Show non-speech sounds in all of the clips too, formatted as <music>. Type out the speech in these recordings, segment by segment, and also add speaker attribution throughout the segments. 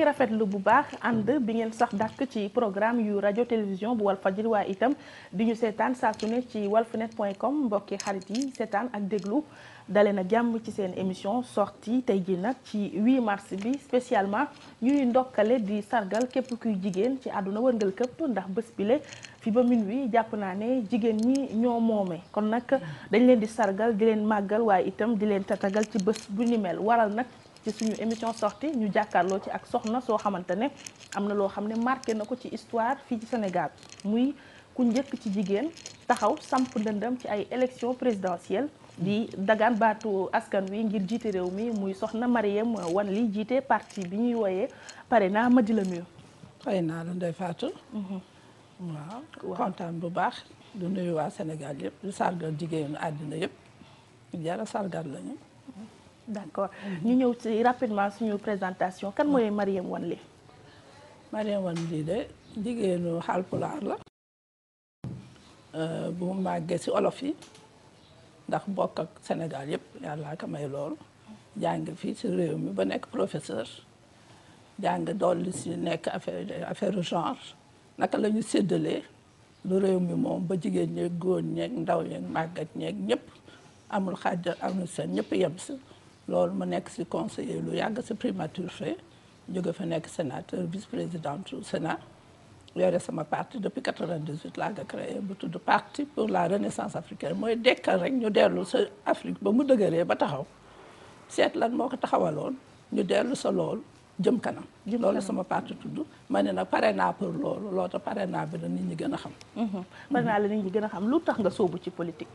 Speaker 1: ngi rafetlu bu baax ànd bi ngeen sax dàq ci programme yu rajo télévision bu Walfadjri waaye itam di ñu seetaan saa su ne ci walfnet.com mbokki xarit yi seetaan ak déglu dale na jàmm ci seen émission sortie tey ji nag ci 8 mars bi spécialement ñuy ndokkale di sargal képp kuy jigéen ci àdduna wërngal këpp ndax bés bile fi ba minuit jàpp naa ne jigéen ñi ñoo moome kon nag dañ leen di sargal di leen màggal waaye itam di leen tatagal ci bës bu ni mel waral nag ci suñu émission sorti ñu jàkkaarloo ci ak soxna soo xamante ne am na loo xam ne marqué na ko ci histoire fii ci Sénégal muy ku njëkk ci jigéen taxaw samp dëndam ci ay élection présidentielle di dagaan baatu askan wi ngir jiite réew mi muy soxna Marième Wane Ly jiite parti bi ñuy wooyee Parena ma di la nuyu xëy naa lu Ndeye Fatou mhm. waaw kontaan bu baax du nuyu waa Sénégal yëpp du sargal jigéenu àddina yëpp jara sargal lañu d'accord ñu ñëw ci rapidement suñu présentation kan mooy Mariam Wanlé Mariam Wanlé de jigéenu Haalpulaar la euh, bu màggee ci olof yi ndax bokk ak Sénégal yëpp yàlla ka may loolu jàng fii ci réew mi ba nekk professeur jàng dolli ci nekk affaire affaire genre naka lañu séddalee lu réew mi moom ba jigéen ñeeg góor ñeeg ndaw ñeeg màggat ñeeg ñëpp amul xaajal amul seen ñëpp yem si loolu ma nekk si conseiller lu yàgg si primature fee jóge fa nekk sénateur vice présidente du Sénat yore sama parti depuis 98 laa nga créé bu tudd parti pour la renaissance africaine mooy dekkal rek ñu dellu sa Afrique ba mu dëgëree ba taxaw seet lan moo ko taxawaloon ñu dellu sa lool jëm kanam loolu sama parti tudd ma ne nag pare naa pour loolu loolu te pare naa bi la nit ñi gën a xam mhm. pare naa la nit ñi gën a xam lu tax nga sóobu ci politique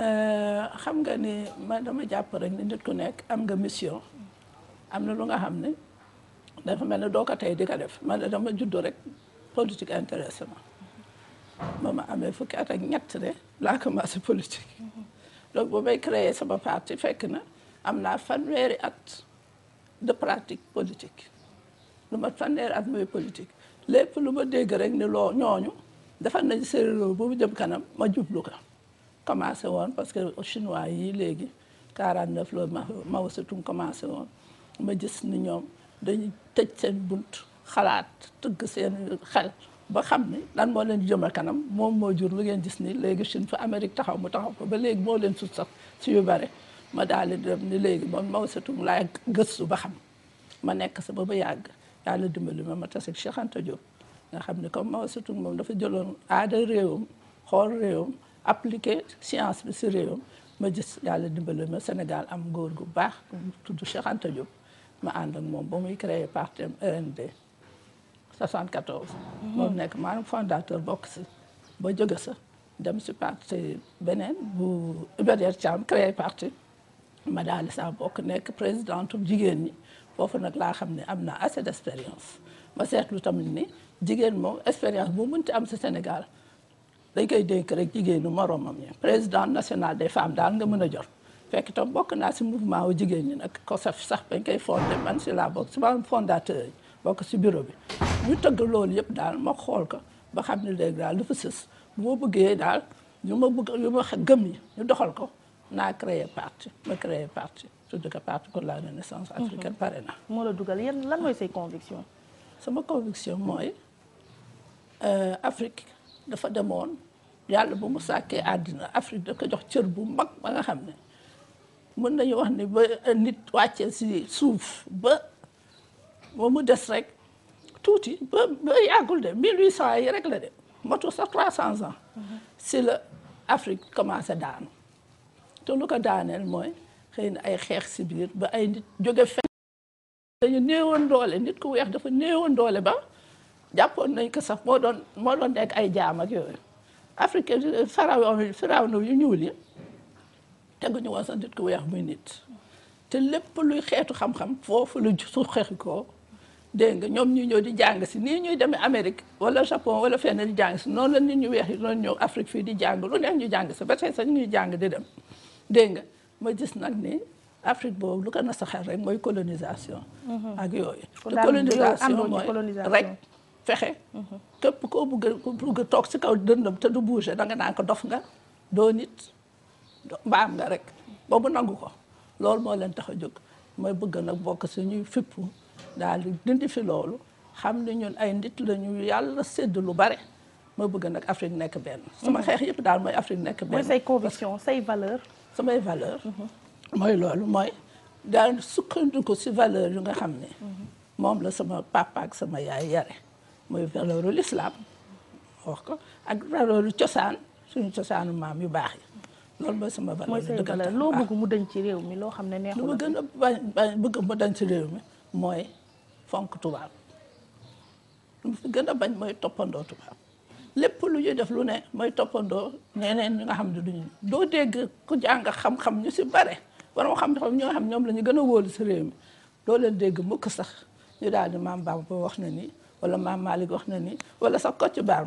Speaker 1: Euh, xam nga ni ma dama jàpp rek ni nit ku nekk am nga mission am na lu nga xam ne dafa mel ne doo ko tey di ko def man dama juddu rek politique intéressé ma ba ma amee fukki at ñett de laa commencé politique donc créer sama parti fekk na am naa fanweeri at de pratique politique lu ma fanweeri at muy politique lépp lu ma dégg rek ni loo ñooñu defar nañ seen réew bu jëm kanam ma jublu ko. commencé woon parce que chinois yii léegi 49 la Mao Tse-tung commencé woon ma gis ni ñoom dañuy tëj seen bunt xalaat tëgg seen xel ba xam ni lan moo leen jëm kanam moom moo jur lu ngeen gis nii léegi Chine fa Amérique taxaw mu taxaw ko ba léegi moo leen sut sax si yu bare ma daal di dem ni léegi moom Mao Tse-tung laay gëstu ba xam ma nekk sa ba ba yàgg yàlla dimbali ma ma tase Cheikh Anta nga xam ni comme Mao Tse-tung moom dafa jëloon aada réewam xool appliqué science bi si réewam ma gis yàlla dimbali ma Sénégal am góor gu baax tudd Cheikh Anta Diop ma ànd ak moom ba muy créé parti RND e 74 mhm. moom nekk maanaam fondateur bokk si ba jóge sa dem si parti beneen bu Ibrahima Thiam créé parti ma daal di saa bokk nekk présidente jigéen ñi foofu nag laa xam ne am na assez de expérience ma seetlu tamit ni jigéen moom expérience bu mënti am si Sénégal dañ koy dénk rek jigéenu moromam ñi président national des femmes daal nga mën a jot fekk itam bokk naa si mouvement wu jigéen ñi nag COSAF sax bañ koy fondé man si laa bokk si maanaam fondateur yi bokk si bureau bi ñu tëgg loolu yëpp daal ma xool ko ba xam ne léegi daal dafa sës bu ma bëggee daal yu ma bëgg yu ma gëm yi ñu doxal ko naa créé parti ma créé parti tudd ko parti pour la renaissance mhm. africaine pare na moo la dugal yéen lan mooy say conviction sama conviction mooy euh, dafa demoon yàlla bu mu sàkkee àddina Afrique da ko jox cër bu mag ba nga xam ne mën nañu wax ne ba euh, nit wàccee si suuf ba ba mu des rek tuuti ba ba yàggul de mille huit cent yi rek la de matu sax trois cents ans mm-hmm. si la Afrique commencé daanu te lu ko daaneel mooy xëy na ay xeex si biir ba ay nit jóge fen dañu néewoon doole nit ku weex dafa néewoon doole ba jàppoon nañ ko sax moo doon moo doon nekk ay jaam ak yooyu afrique pharaon pharaon yu ñuul yi teguñu woon sax nit ku weex muy nit te lépp luy xeetu xam-xam foofu lu su xeexi ko dégg nga ñoom ñu ñëw di jàng si nii ñuy deme Amérique wala Japon wala fenn di jàng si noonu la nit ñu weex yi noonu ñëw Afrique fii di jàng lu neex ñu jàng si ba tey sax ñuy jàng di dem dégg nga ma gis nag ni Afrique boobu lu ko na saxal rek mooy colonisation mm-hmm. ak yooyu te colonisation rek fexe. képp koo bëgg a bëgg a toog si kaw dëndam te du bouger danga naan ko dof nga doo nit mbaam nga rek boobu nangu ko loolu moo leen tax a jóg mooy bëgg nag bokk si ñuy fippu daal di dindi fi loolu xam ne ñun ay nit la ñu yàlla sédd lu bare mooy bëgg nag Afrique nekk benn. sama mhm. xeex yëpp daal mooy Afrique nekk mooy say conviction say valeur. samay valeur mhm. mooy loolu mooy daal sukkandiku si valeur yu nga xam ne. Mhm. moom la sama papa sama yaay yare. mooy valeur u l'islam wax ko ak valeur cosaan suñu cosaanu maam yu baax yi loolu mooy sama valeur dëgg loo bëgg mu dañ ci réew mi loo xam ne neexul lu ma gën a bëgg mu dañ ci réew mi mooy fonk tubaab lu ma fi gën a bañ mooy toppandoo tubaab lépp lu ñuy def lu ne mooy toppandoo neen ñi nga xam ne duñu doo dégg ku jàng xam-xam ñu si bare borom xam-xam ñoo xam ñoom la gën a wóolu si réew mi doo leen dégg mukk sax ñu daal di maam baam ba wax na ni wala maam Malick wax na ni wala sax Kocc ma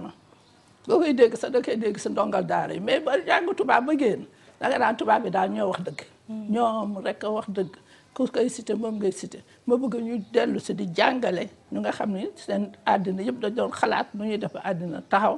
Speaker 1: boo koy dégg sa da dégg si ndongal daara yi mais ba jàng tubaab ba génn da nga tubaab bi daal ñoo wax dëgg. Hmm. ñoom rek a wax dëgg ku koy cité moom ngay cité ma bëgg ñu dellu si di jàngale ñu nga xam ni seen àddina yëpp da doon xalaat nu ñuy def àddina taxaw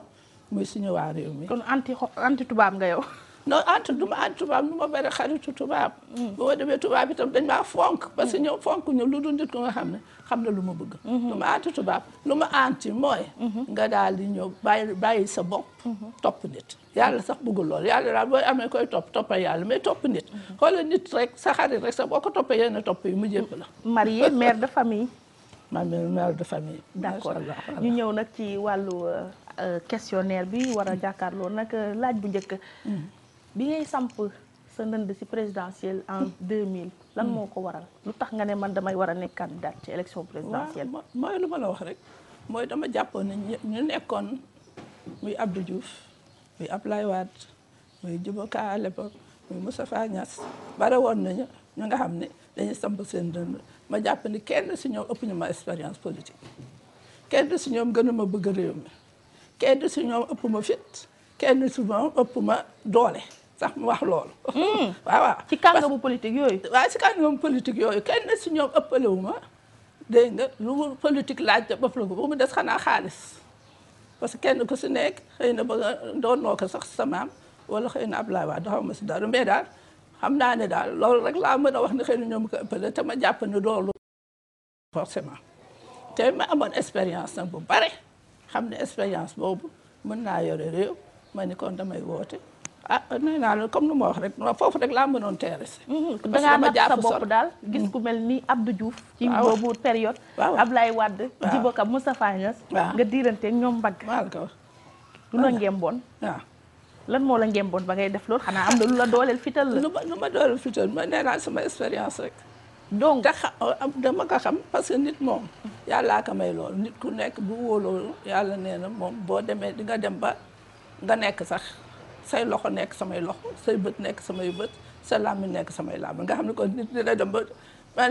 Speaker 1: muy suñu waa réew mi. kon anti anti tubaab nga yow. non entre du ma entre tubaab nu ma bëri xaritu tubaab. Mm. bu demee tubaab itam dañ maa fonk. parce que ñoom mm. fonk ñu lu dul nit ko nga xam ne xam na lu ma bëgg. Mm-hmm. du ma entre tubaab lu ma anti mooy. Mm-hmm. nga daal di ñëw bàyyi bàyyi sa bopp. Mm-hmm. topp nit yàlla sax bëggul lool yàlla daal booy amee koy topp toppal yàlla mais topp nit. xoolal nit rek sa rek sax boo ko toppee yenn topp yi mu jëpp la. marié mère de famille. <laughs> ma mère de famille. d'accord ñu ñëw nag ci wàllu euh, questionnaire bi war a jàkkaarloo nag euh, laaj bu njëkk. bi ngay samp sa ndënd ci présidentielle en 2000 lan moo ko waral lu tax nga ne man damay war a nekk candidat ci élection présidentielle mooy lu ma la wax rek mooy dama jàppoon ne ñu nekkoon muy abdu Diouf muy Abdoulaye Wade muy Diouma Ka à l'époque muy Moustapha Niass bare woon nañu ñu nga xam ne dañuy samp seen dënd ma jàpp ni kenn si ñoom ëpp ñu ma expérience politique kenn si ñoom gënu ma bëgg réew mi kenn si ñoom ëpp ma fit kenn si ñoom ëpp ma doole sax mu wax loolu. Hmm. <laughs> waaw ci ci bu politique yooyu. waaw ci kàngamu politique yooyu kenn si ñoom ëppale ma dégg nga lu politique laaj ba fële ba de des xanaa xaalis parce que kenn ku si nekk xëy na ba nga doon sax sa maam wala xëy na Abdoulaye Wade xaw ma si dara mais daal xam naa ne daal loolu rek laa mën a wax ne xëy na ñoom ko ëppale te ma jàpp ne loolu te ma amoon expérience nag bu bare xam ne expérience boobu mën naa yore réew ma ni damay woote. ah nee la comme nu ma wax rek foofu rek laa mënoon teerese. Mhm. parce que dama sa bopp daal gis mhm. ku mel ni Abdou Diouf. ci boobu période. waaw Ablaye Wade. waaw Djibo Ka Moustapha Niasse. nga diiranteeg ñoom mbagg. waaw ko lu na ngemboon. waaw lan moo la ngemboon ba ngay def loolu xanaa am na lu la dooleel fital la. lu ma lu ma dooleel fital ma nee naa sama expérience rek. donc oh, dama ko xam parce que nit moom. yàllaa ko may loolu nit ku nekk bu wóoloo yàlla nee na moom boo demee di nga dem ba nga nekk sax. say loxo nekk samay loxo say bët nekk samay bët sa làmmiñ nekk samay làmmiñ nga xam ne ko nit dina dem ba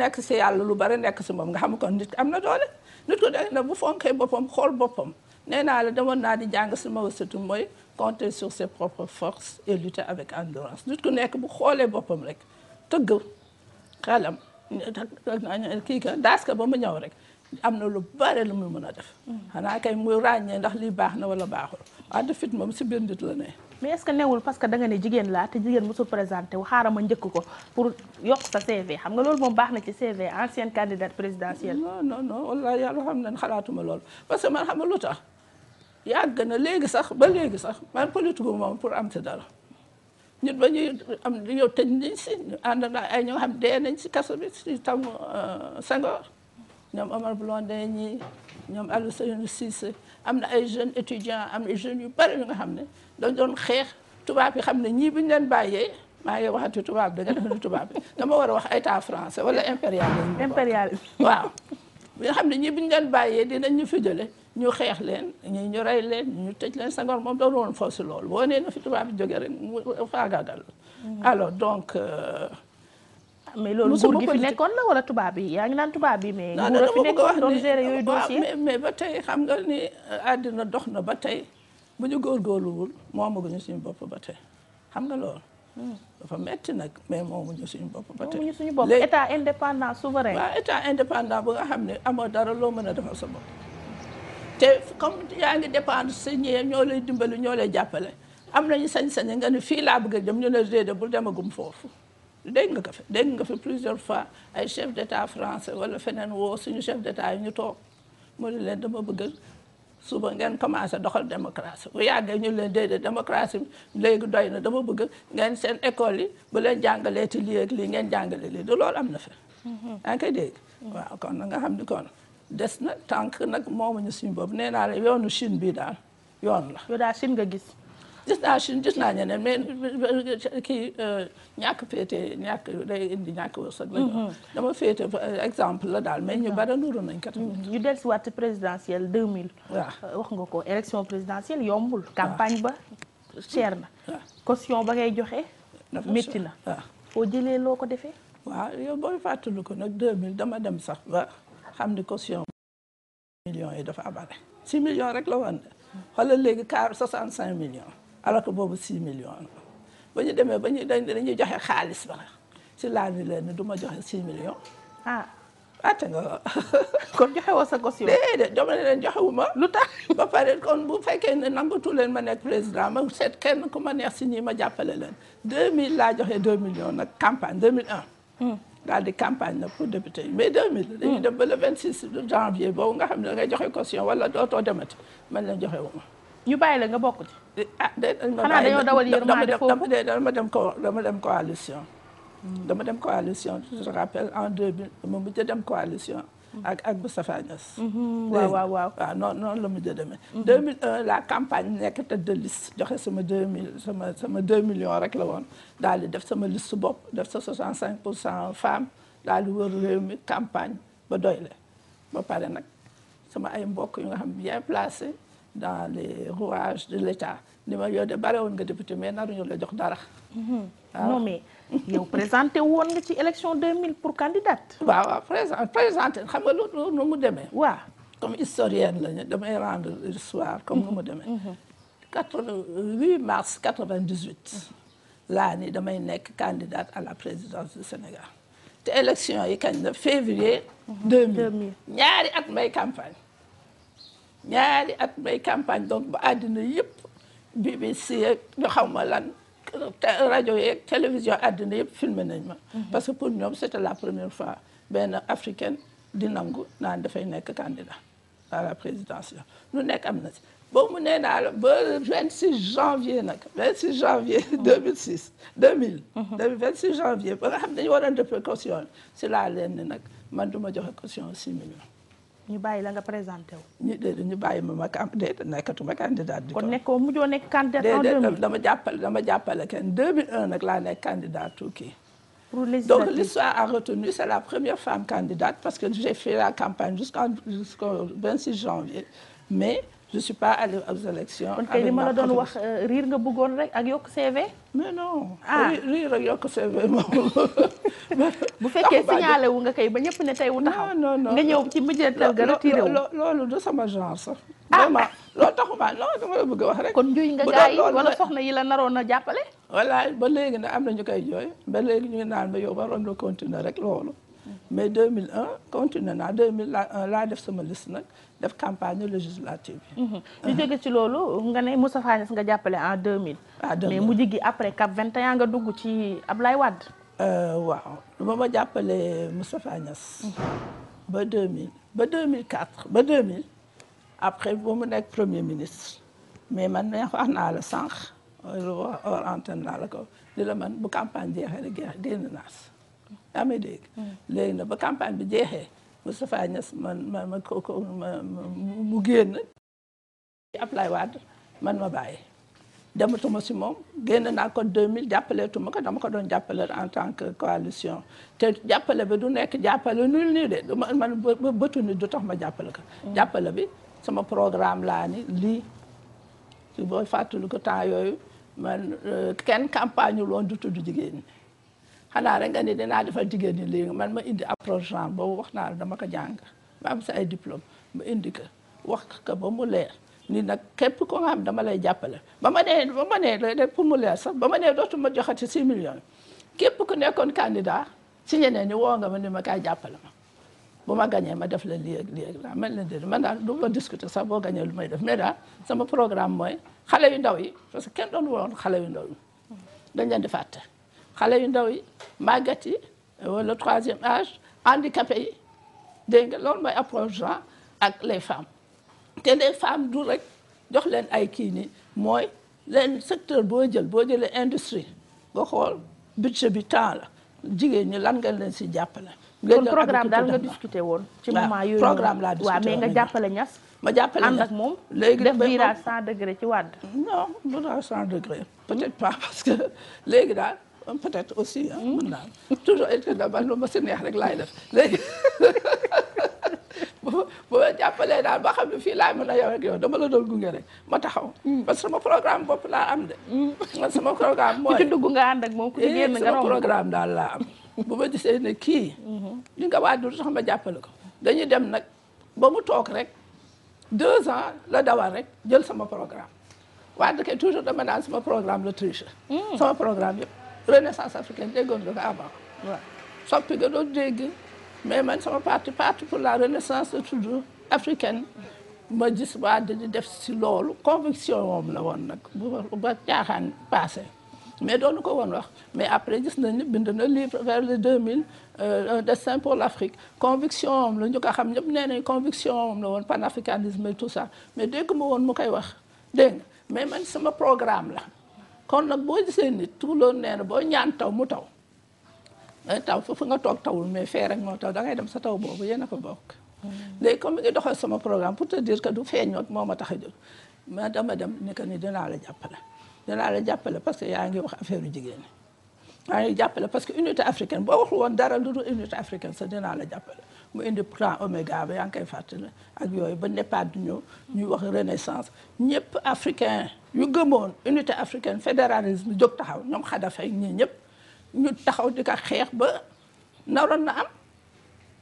Speaker 1: nekk si yàlla lu bari nekk si moom nga xam ne kon nit am na doole nit ko na bu fonkee boppam xool boppam nee naa la demoon naa di jàng si ma wasatu mooy compter sur ses propres forces et lutter avec endurance nit ku nekk bu xoolee boppam rek tëgg xelam kii ka daas ka ba mu ñëw rek am na lu bare lu mu mën a def mm. xanaa kay muy ràññee ndax lii baax na wala baaxul wante fit moom si biir nit la ne mais est que newul parce que da nga ne jigéen laa te jigéen mosul présenté wu xaaral ma njëkk ko pour yokk sa CV xam nga loolu moom baax na ci CV ancienne candidate présidentielle. non non non wallaahi yàlla xam nañ xalaatuma loolu parce que man xam nga lu tax yàgg na léegi sax ba léegi sax man politique moom pour am ci dara. ñun ba ñuy am yow tëj nañ si ànd na ay ñoo xam dee nañ si kaso bi si tam euh, Senghor ñoom Omar Blondin ñi ñoom Alioune Cissé am na ay jeune étudiants am ay jeunes yu bari yu nga xam ne dañ doon xeex tubaab yi xam ne ñii bi ñu leen bàyyee maa ngi waxati tubaab da nga def ni tubaab bi dama war a wax ay taa français wala impérialisme. impérialisme waaw. bi nga xam ne ñii bi ñu leen bàyyee dinañ ñu fi jëlee ñu xeex leen ñii ñu rey leen ñu tëj leen Senghor moom da doon si loolu boo nee na fi tubaab bi jógee rek mu faagaagal. Mm-hmm. alors donc. Euh, mais loolu nguur gi fi nekkoon la wala tubaab yi yaa ngi naan tubaab yi mais nguur a fi nekkoon doon gérer yooyu dossier mais ba tey xam nga ni euh, àddina dox na ba tey bu ñu góorgóorluwul moomaguñu suñu bopp ba tey xam nga loolu hmm. dafa metti nag mais moomuñu suñu bopp ba tey moomuñu suñu bopp état indépendant souverain waaw état indépendant bu nga xam ne amoo dara loo mën a defal sa bopp te comme yaa ngi dépendre sa ñee ñoo lay dimbali ñoo jàppale am nañu sañ-sañ nga ne fii laa bëgg a dem ñu ne déedéet bul demagum foofu dégg nga ko fi dégg nga fi plusieurs fois ay chef d' état français wala feneen woo suñu chef d' état ñu toog mu ne leen dama bëgg suba ngeen commencé doxal démocratie bu yàggee ñu leen déedéet démocratie léegi doy na dama bëgg ngeen seen école yi bu leen jàngalee ci lii ak ngeen jàngale lii de loolu am na fi. Mhm. yaa ngi waaw kon na nga xam ni kon des na tànk nag moomuñu suñu boobu nee naa la yoonu Chine bii daal yoon la. yow nga gis. gis naa Chine gis mais kii ñàkk féete ñàkk day indi ñàkk wërsëg mm-hmm. la dama féete exemple la daal mais ñu mm-hmm. bari nuru nañ kat mm-hmm. ñu del si waat présidentielle 2000 waaw eh, wax nga ko élection présidentielle yombul campagne ba cher na caution ba ngay joxe métti na foo jëlee loo ko defee waaw yow booy fàttaliku ko nag 2000 dama dem sax ba xam ni caution millions yi dafa abare 6 millions rek la woon xoolal léegi car 65 millions alors que boobu 6 millions ba ñu demee ba ñuy dañuy joxe xaalis ba si leen ni du ma joxe 6 millions. ah atte nga <laughs> kon joxe woo sa gos yow. leen joxe wu ma. lu tax <laughs> ba pare kon bu fekkee ne nangatu leen ma nekk président ma seet kenn ku ma neex si ñii ma jàppale leen 2000 laa joxe 2 millions nag campagne 2001. Hmm. daal di campagne nag pour député yi mais 2000. dañuy hmm. dem ba le 26 janvier boobu nga xam ne ngay joxe caution wala dootoo demati man leen joxe wu ma. ñu bàyyi la nga bokk ah day xanaa dañoo dawal yërmande foofu dama dem dama dem coalition. dama dem coalition je te rappelle en deux mille ma mujj a dem coalition. ak ak Moustapha Niasse. Mhm, waaw waaw waaw waaw noonu noonu la mujj a demee. Mhm. la campagne nekk tête de liste joxe sama 2000 sama sama 2 millions rek la woon daal di def sama liste bopp def sa 65 pour cent femmes daal di wër mi campagne ba doy le ba pare nag sama ay mbokk yu nga xam bien placé. dans les rouages de l'État ni ma yow de bare woon nga député mais naruñu la jox dara.
Speaker 2: Mhm. non
Speaker 1: mais yow présenté woon nga ci élection 2000 pour candidate. waaw waaw présent présenté xam nga loolu nu mu demee. waaw comme historienne la damay rendre l'histoire comme nu mu demee. 8 mhm. mars 98. laa ni damay nekk candidate à la présidence du Sénégal te élection yi kañ la février. 2000 mhm. ñaari at may campagne. ñaari at may campagne donc ba àddina yëpp BBC yeeg ñu xaw ma lan rajo yeeg télévision àddina yëpp filmé nañ ma. Mhm. parce que pour ñoom c' était la première fois benn africaine di nangu naan dafay nekk candidat à la présidence la lu nekk am na si. boobu mu nee naa la ba 26 janvier nag 26 janvier 2006 2000. 26 janvier ba nga xam ne dañu war a def caution si la leen ni nag man du ma joxe si 6 ñu bàyyi la nga présenté wu. ñu bàyyi ma ma cam déedéet nekkatuma candidat di ko. kon nekkoo mujjoo nekk candidat en 2000 dama jàppale dama jàppale kenn 2001 nag laa nekk candidat kii. pour législative donc l'histoire a retenu c'est la première femme candidate parce que j'ai fait la campagne jusqu'en janvier mais. je suis pas allée aux élections. kon kay li ma la doon wax euh, riir nga buggoon rek ak yokk CV. mais non. ah riir ak yokk CV <laughs> bu fekkee <laughs> signalé wu nga kay ba ñëpp ne tey wu taxaw. non non nga ñëw ci mujjantal ga retiré wu. loolu du sama genre sax. loo ah. loolu taxumaa loolu dama la bëgg wax rek. kon juy nga gars yi wala soxna yi la naroon a jàppale. voilà ba léegi ne am na ñu koy jooy ba léegi ñu naan ba yow waroon nga continuer rek loolu. mais 2001 continuer naa 2001 euh, laa def sama liste nag. def campagne législative bi. ñu mhm. ah. jóge ci loolu nga ne Moustapha Niasse nga jàppale en 2000. ah 2000 mais mujj gi après CAP 21 nga dugg ci Ablaye Wade. Euh, waaw lu ma ma jàppale Moustapha Niasse. ba 2000 ba 2004 ba mil après ba mu nekk premier ministre. mais man nee wax naa la sànq. hors antenne la ko di la man bu campagne mm. léegi nag ba campagne bi jeexee. Moustapha Niass man ma ma kooku ma mu génn ci Ablaye man ma bàyyi dematuma si moom génn naa ko 2000 jàppaleetuma ko dama ko doon jàppale en tant que coalition te jàppale bi du nekk jàppale nul nii de ma man bëtu nit du tax ma jàppale ko mm. jàppale bi sama programme laa ni lii su booy fàttali ko temps yooyu man euh, kenn campagne wul woon du tudd jigéen xanaa rek nga ni dinaa defal jigéen ñi léegi man ma indi approche genre boobu wax naa dama ko jàng ma am sa ay diplôme ma indi ka wax ko ba mu leer ni nag képp ko am xam dama lay jàppale ba ma nee ba ma nee rek pour mu leer sax ba ma nee dootuma joxati 6 millions képp ku nekkoon candidat si ñeneen ñi woo nga ma ni ma kaay jàppale ma bu ma gañee ma def la lii ak lii ak laa man leen di man daal du ma discuter sa boo gañee lu may def mais daal sama programme mooy xale yu ndaw yi parce que kenn doon woon xale yu ndaw dañ leen di xale yu ndaw yi màggat yi wala troisième âge handicapé yi dégg nga loolu mooy approche genre ak les femmes te les femmes du rek jox leen ay kii nii mooy leen secteur boo jël boo jëlee industrie nga xool budget bi temps la jigéen ñi lan nga leen si jàppale. kon programme daal nga discuté woon. ci moment yooyu programme laa discuté waaw mais nga jàppale ñas. ma jàppale ànd ak moom. léegi def virage 100 degré ci wàdd. non virage 100 degré peut-être pas <laughs> parce que léegi daal. peut-être aussi ah mën naa toujours ma si neex rek laay def léegi <laughs> bu bu ma jàppalee daal ba xam fii laay mën a yow ak dama la doon gunge rek ma taxaw. Hmm. parce que sama programme bopp laa am de. Hmm. sama programme mooy ku ci dugg nga ànd ak moom ku ci eh, génn nga sama programme daal laa am. bu ma gisee ne kii. li nga waa dul sax ma jàppale ko. dañuy dem nag ba mu toog rek deux ans la dawal rek jël sama programme waaye da toujours dama naan sama programme la triche. sama programme yëpp. renaissance africaine déggoon nga ko avant waaw soppi nga doon dégg mais man sama parti parti pour la renaissance toujours africaine ma gis waa di def si loolu conviction moom la woon nag bu ba caaxaan passé mais doonu ko woon wax mais après gis nañ ni bind na livre vers le 2000 euh, un destin pour l'Afrique conviction moom la ñu xam ñëpp nee conviction moom la woon panafricanisme et tout ça mais dégg woon mu koy wax dégg nga mais man sama programme la kon nag boo gisee nit tuuloon nee na boo ñaan taw mu taw day eh, taw foofu nga toog tawul mais fee rek moo taw da ngay dem sa taw boobu yéen a fa bokk. Mm. léegi comme mi ngi doxal sama programme pour te dire que du feeñoot moo ma tax a jóg ma dama dem ne que ni dinaa la jàppale. dinaa la jàppale parce que yaa ngi wax affaire jigéen ñi yaa ngi jàppale parce que unité africain boo waxul woon dara lu dul unité africaine sax dinaa la jàppale. mu indi plan oméga ba yaa ngi koy fàttali ak yooyu ba Népal du ñëw ñuy wax renaissance ñëpp africain yu gëmoon unité africaine fédéralisme jóg taxaw ñoom Kadhafi ñii ñëpp ñu taxaw di ko xeex ba naroon na am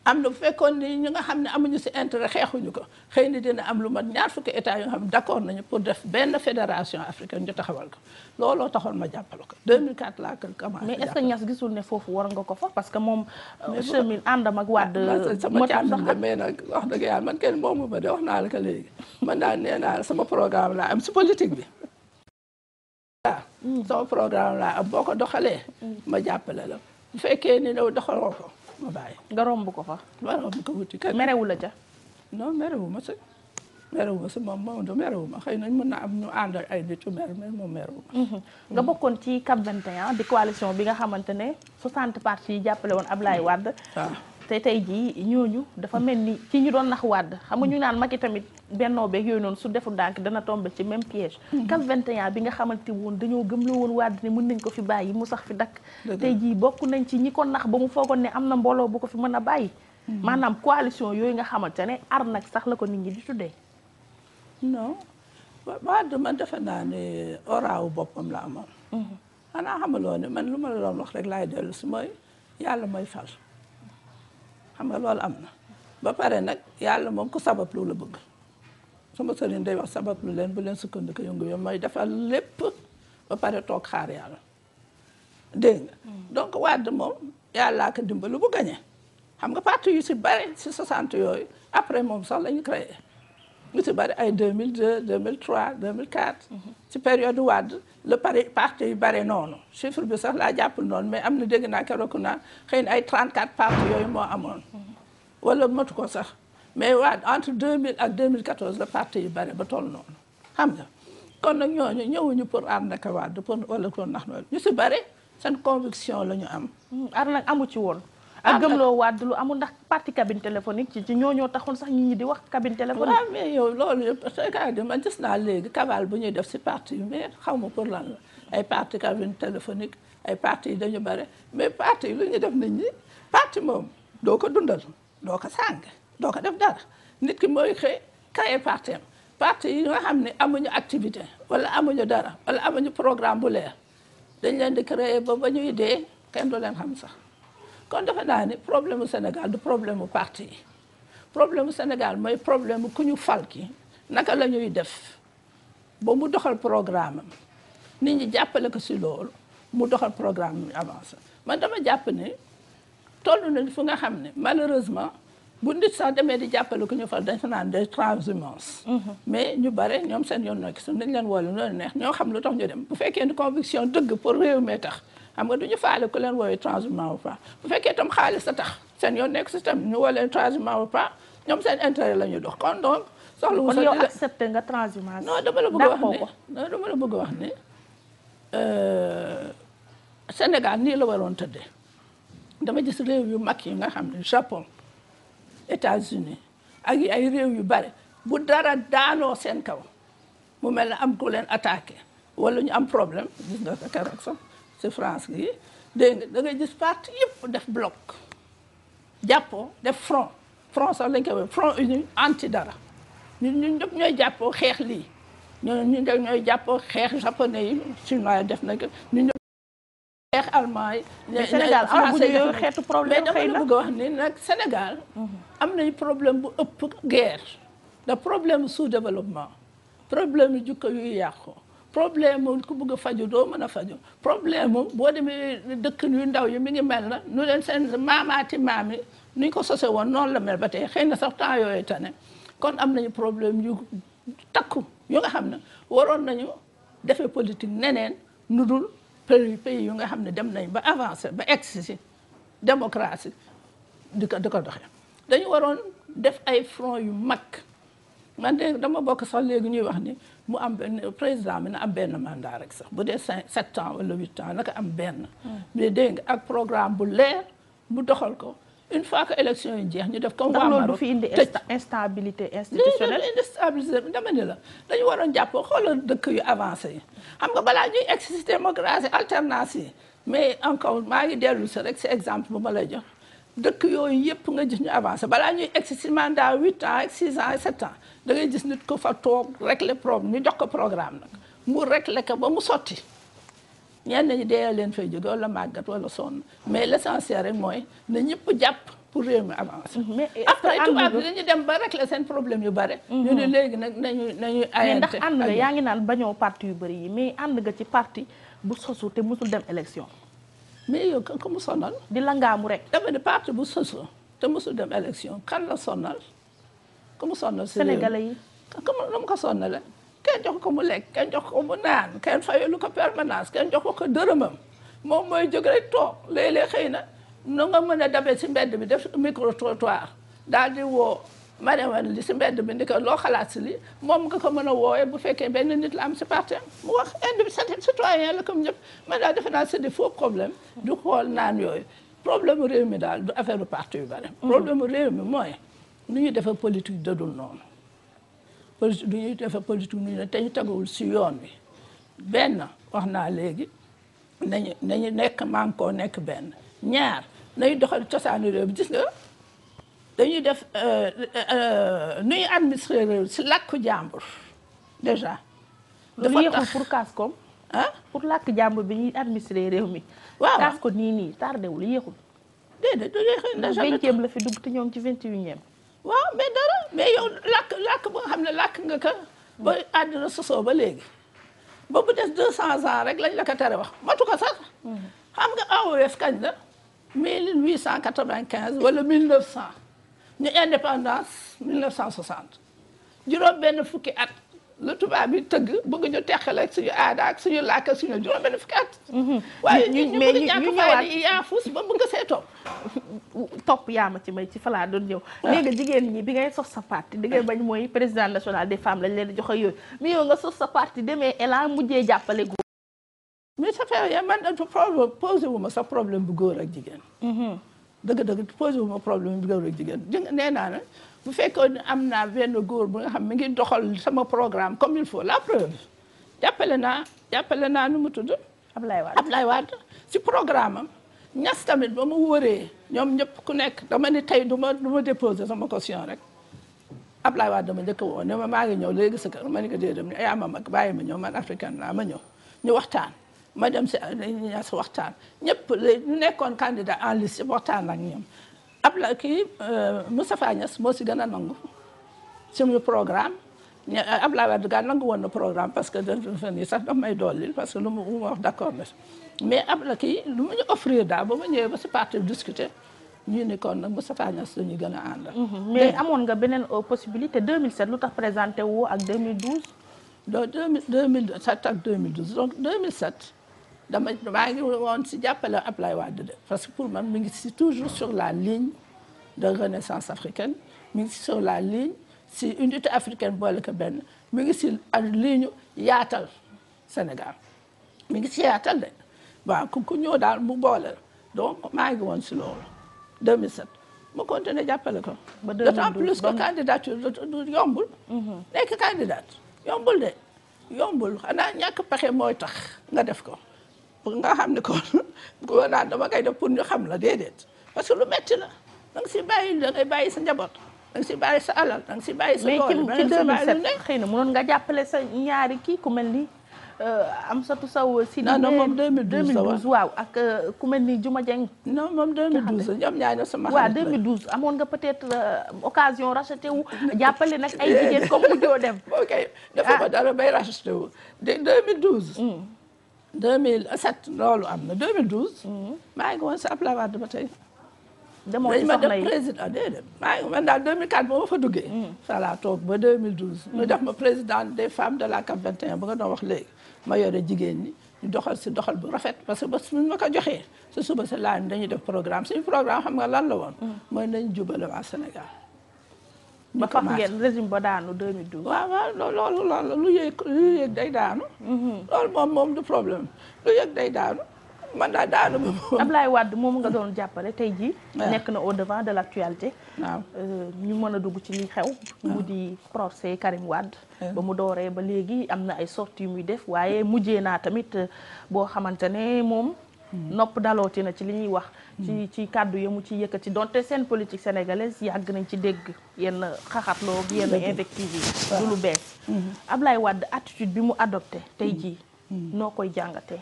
Speaker 1: am na bu fekkoon ni ñi nga xam ne amuñu si intérêt xeexuñu ko xëy na dina am lu mat ñaar fukki état yu nga xam ne nañu pour def benn fédération africaine ñu taxawal ko looloo taxoon ma jàppale ko 2004 laa ko commencé. mais est foofu war nga ko fa parce que moom. Euh, monsieur Mille àndam ak wàdd. Ah, sama càmm wax dëgg yàlla man kenn moomu ma de wax naa la ko léegi man daal nee sama programme la am si politique bi. waaw hmm. sama programme laa am boo ko doxalee. Hmm. ma jàppale la bu fekkee ni doxaloo ko. ma bàyyi. nga romb ko fa. ma romb merewu la ca. no merewu ma si. merewu ma si moom moom du merewu ma xëy nañ mën na am ñu ànd ak ay nitu mer mais moom merewu ma. Mhm. nga bokkoon ci CAP 21 di coalition bi nga xamante ne 60 partis yi jàppale woon Ablaye Wade. waaw te tey jii ñooñu dafa mel ni ci ñu doon nax wàdd xam nga ñu naan Macky tamit bennoo beeg yooyu noonu su defu ndànk dana tombé ci même piège mm-hmm. CAP 21 bi nga xamante woon dañoo gëm gëmloo woon wàdd ne mën nañ ko fi bàyyi mu sax fi dakk tey jii bokk nañ ci ñi ko nax ba mu foogoon ne am na mbooloo bu ko fi mën a bàyyi mm-hmm. maanaam coalition yooyu nga xamante ne ar nag sax la ko nit ñi di tuddee non wàdd man defe naa ne oraawu boppam la amoon mm-hmm. man lu ma la doon wax rek laay dellu si mooy yàlla mooy fal xam nga loolu am na ba pare nag yàlla moom ku sabablu la bëgg sama sëriñ day wax sabab sabablu leen bu leen sukkandiku yëngu yëngu mooy defal lépp ba pare toog xaar yàlla dégg nga. Mm. donc Wade moom yàllaa ko dimbalu bu gañe xam nga parti yu si bare si 60 yooyu après moom sax la ñu créé. lu ci bari ay deux 2002 2003 2004. su période Wade la pare parti yu bare noonu chiffre bi sax laa jàppul noonu mais am na dégg naa keroog naa xëy na ay 34 parti yooyu moo amoon. wala matu ko sax mais Wade entre 2000 ak 2014 la parti yu bare ba toll noonu xam nga kon nag ñooñu ñëwuñu pour ànd naka Wade pour wala pour nax noonu ñu si bare seen conviction la ñu am. ar mm, nag amu ci woon. Ah, ak loo ah. waat lu amul ndax parti cabine téléphonique ci ci ñooñoo taxoon sax ñi ñi di wax cabine téléphonique. waaw mais yow loolu yëpp c'est de man naa léegi cabal bu ñuy def si parti yu mais xaw ma pour lan la ay parti cabine téléphonique ay parti yi dañu bare mais parti yi lu ñuy def nit ñi parti moom doo ko dundal doo ko sàng doo ko def dara nit ki mooy xëy créer parti am parti yi xam ne amuñu activité wala amuñu dara wala amuñu programme bu leer dañ leen di créer ba ba ñuy dee kenn du leen xam sax. kon dafa daa ni problème Sénégal du problème mu parti yi problème mu Sénégal mooy problème ku ñu fal ki naka la ñuy def ba mu doxal programme am nit ñi jàppale ko si loolu mu doxal programme mu avancé man dama jàpp ne toll na fu nga xam ne malheureusement bu nit sax demee di jàppale ku ñu fal dañ fa naan des transhumance mm-hmm. mais ñu bare ñoom seen yoon noo gis nañ leen woole loolu neex ñoo xam lu tax ñu dem bu fekkee ni conviction dëgg pour réew mee tax am nga du ñu faale ku leen woowee transhumant ou pas fekkee tam xaalis sa tax seen yoon nekk si tam ñu woo leen transhumant ou pas ñoom seen intérêt la ñuy dox kon soxla wu sa yow nga transhumance. non dama la bëgg wax ne non la bëgg wax ne Sénégal nii la waroon tëddee dama jis réew yu mag yi nga xam ne Japon États-Unis ak yi ay réew yu bare bu dara daanoo seen kaw mu mel ne am ku leen attaqué wala ñu am problème gis nga ko keroog ci France gi dégg da ngay gis part yëpp def bloc jàppoo def front front sax lañ koy uni anti dara ñu ñun ñëpp ñooy jàppoo xeex lii ñu ñun ñëpp ñooy jàppoo xeex japonais yi chinois yi def na ko ñun ñëpp xeex allemand yi. mais xeetu problème xëy na mais dama nag Sénégal. Mhm. am nañu problème bu ëpp guerre. da problème sous développement problème yu jukko yu yàqu. problème mu ku bëgg fajo faju doo mën a faju problème mu boo demee dëkk yu ndaw yi mi ngi mel na nu leen seen maamaati maam yi ni ñu ko sose woon noonu la mel ba tey xëy na sax temps yooyu tane kon am nañu problème yu takku yu nga xam ne waroon nañu defee politique neneen nu dul pays yu nga xam ne dem nañ ba avancé ba egsi si démocratie di ko di ko doxee dañu waroon def ay front yu mag man de dama bokk sax léegi ñuy wax ni mu am benn président bi na am benn mandat rek sax bu dee cinq sept ans wala huit ans naka am benn. Hmm. mais dégg nga ak programme bu leer mu doxal ko une fois que élection yi jeex ñu def. comme waa Maroc fi indi instabilité institutionnelle. instabilité dama ne la dañu waroon jàppoo xoolal dëkk yu avancé yi xam nga balaa ñuy egg si démocratie alternance yi mais encore maa ngi dellu si rek si exemple bu ma lay jox dëkk yooyu yëpp nga gis ñu avancé balaa ñuy egg si mandat huit ans ak six ans ak sept ans. da ngay gis nit ko fa toog régler problème ñu jox ko programme nag mu rek ko ba mu sotti ñenn ñi dee leen fay jóge wala màggat wala sonn mais l'essentiel rek mooy na ñëpp jàpp pour réew mi avancer. Mm-hmm. mais après tubaab dem ba régler seen problème yu bare. Mm-hmm. ñu ne léegi nag nañu nañu. ayante ndax ànd nga yaa ngi naan bañoo parti yu bëri yi mais ànd ga ci parti bu sosu te musul dem élection. mais yow kan ko mu sonal. di la langaamu rek. dama ne parti bu sosu te musul dem élection kan la sonnal ku mu sonal si Sénégalais yi comme lu mu ko sonnalee kenn jox ko mu lekk kenn jox ko mu naan kenn fayalu ko permanence kenn jox ko dërëmam moom mooy jóg rek toog léeg-léeg xëy na nu nga mën a dabee si mbedd bi def micro trottoir daal di woo Mariam li si mbedd bi ni loo xalaat si li moom nga ka mën a wooyee bu fekkee benn nit la am si parti mu wax individu citoyen la comme ñëpp man daal defe naa c'est des faux problèmes du xool naan yooyu problème réew mi daal du affaire parti yu bari problème réew mi mooy nu ñu defee politique dadul noonu politique du ñuy defee politique nu ñu te ñu teguwul si yoon mi benn wax naa léegi nañu nañu nekk mànkoo nekk benn ñaar nañu doxal cosaanu réew bi gis nga dañuy def euh, euh, euh, nu ñuy administrer réew si làkku jàmbur
Speaker 2: déjà. dafa tax pour
Speaker 1: kaas koom. ah pour làkk jàmbur bi ñuy administrer réew mi. waaw kaas ko nii nii tardé wul yéexul. déedéet du yéexul déjà vingtième la fi dugg te ñoo ngi ci vingt et unième waaw mais dara mais yow lakk làkk boo xam ne làkk nga ka ba àddina sosoo ba léegi ba bu des deux cent ans rek lañ la ko tere wax matu ko sax xam nga AOF kañ la mille huit cent quatre-vingt-quinze wala mille neuf cent ñu indépendance mille neuf cent soixante juróom fukki at la tubaab bi tëgg bëgg ñu teqale ak suñu aada ak suñu làkk ak suñu juróom benn fukki at. Mhm. waaye ñu ñu bëgg ñàkk fay ba bëgg see topp. topp yaa ma ci may ci falaa doon ñëw. Ah. léegi jigéen ñi bi ngay sos sa parti di ngay bañ mooy président national des femme lañ leen di joxe yooyu mais yow nga sos sa parti demee Ela mujje jàppale góor. mais sa fee ya man problème posé wu ma sa problème bu góor ak jigéen. Mhm. dëgg dëgg posé wu ma problème bu góor ak jigéen nee naa ne. bu fekkoon am naa benn góor bu nga xam mi ngi doxal sama programme comme il faut la preuve jàppale naa jàppale naa nu mu tudd Ablaye Wade Ablaye Wade si programme am ñas tamit ba mu wëree ñoom ñëpp ku nekk dama ni tey du ma du ma déposer sama caution rek Ablaye Wade dama njëkk woo ne ma maa ngi ñëw léegi sa kër ma ni ko déedéet ni yaa ah, ma mag bàyyi ma ñëw man africaine laa ma ñëw ñu waxtaan ma dem si ñas waxtaan ñëpp ñu nekkoon candidat en liste waxtaan ak ñoom Abla kii euh, Moustapha Niass moo si gën a nangu suñu programme ñu euh, Ablaye Wade gaa nangu programme parce que devenir sax daf may dollil parce que lu mu wax d' mu ñu si parti discuter ñu ne kon nag Moustapha Niass dañuy gën a àndal. Mm-hmm. mais amoon nga beneen euh, possibilité lu tax présenté woo ak 2012. donc deux mille donc dama maa ngi woon si jàppale Ablaye Wade de parce que pour man mi ngi si toujours sur la ligne de renaissance africaine mi ngi si sur la ligne si unité africaine boole ko benn mi ngi si ligne yaatal Sénégal mi ngi si yaatal de waaw ku ku ñëw daal mu boole donc maa ngi woon si loolu 2007 mu continué jàppale ko. ba 2012 d'autant plus que candidature du yombul. Mhm. nekk candidate yombul de yombul naa ñàkk pexe mooy tax nga def ko. pour nga xam ni kon ko <laughs> naan dama koy def pour ñu xam la déedéet parce que lu metti la da si bàyyi da ngay bàyyi sa njaboot da si bàyyi sa alal da si bàyyi sa doole mais ci xëy na mënoon nga jàppale sa ñaari kii ku mel ni euh, Amsatou Sow si non non moom 2012 waaw ak euh, ku mel ni Juma Dieng non moom 2012 ñoom ñaar ñoo sama amoon nga peut-être euh, occasion racheté wu <laughs> jàppale nag ay jigéen comme bu joo dem <laughs> ok dafa ma ah. dara bay racheté wu de 2012 2007 loolu am na 2012. Hmm. maa ngi woon si Abdoulaye Wade ba tey. demoo ci soxna yi dañ ma def président déedéet maa man daal 2004 ba ma fa duggee. voilà hmm. toog ba 2012. Hmm. ñu def ma présidente des de la CAP 21 ba nga doon wax léegi ma yore jigéen ñi. ñu doxal si doxal bu rafet parce que ba suñ ma ka joxee su suba sa laaj dañuy def programme suñu programme xam nga lan la woon. mooy nañ jubale waa Sénégal. ba fas ngeen régime ba daanu 2012. waaw waaw loolu loolu lu yëg lu day daanu. Mhm. loolu moom moom du problème lu yëg day daanu man daal daanu ba moom. Ablaye Wade moom nga doon jàppale tey jii. Ah. nekk na au devant de l' actualité. waaw euh, ñu mën a dugg ci li xew. Ah. mu di procès Karim Wade. Ah. ba mu dooree ba léegi am na ay sorti yu muy def waaye mujjee naa tamit euh, boo xamante ne moom. nopp dalooti na ci li ñuy wax. ci ci kàddu yi mu ci yëkkati donte seen politique sénégalaise yàgg nañ ci dégg yenn xaxatloo yenn invective yi. du lu bees. Mm-hmm. Ablaye Wade attitude bi mu adopté tey jii. Mm-hmm. noo koy jàngatee.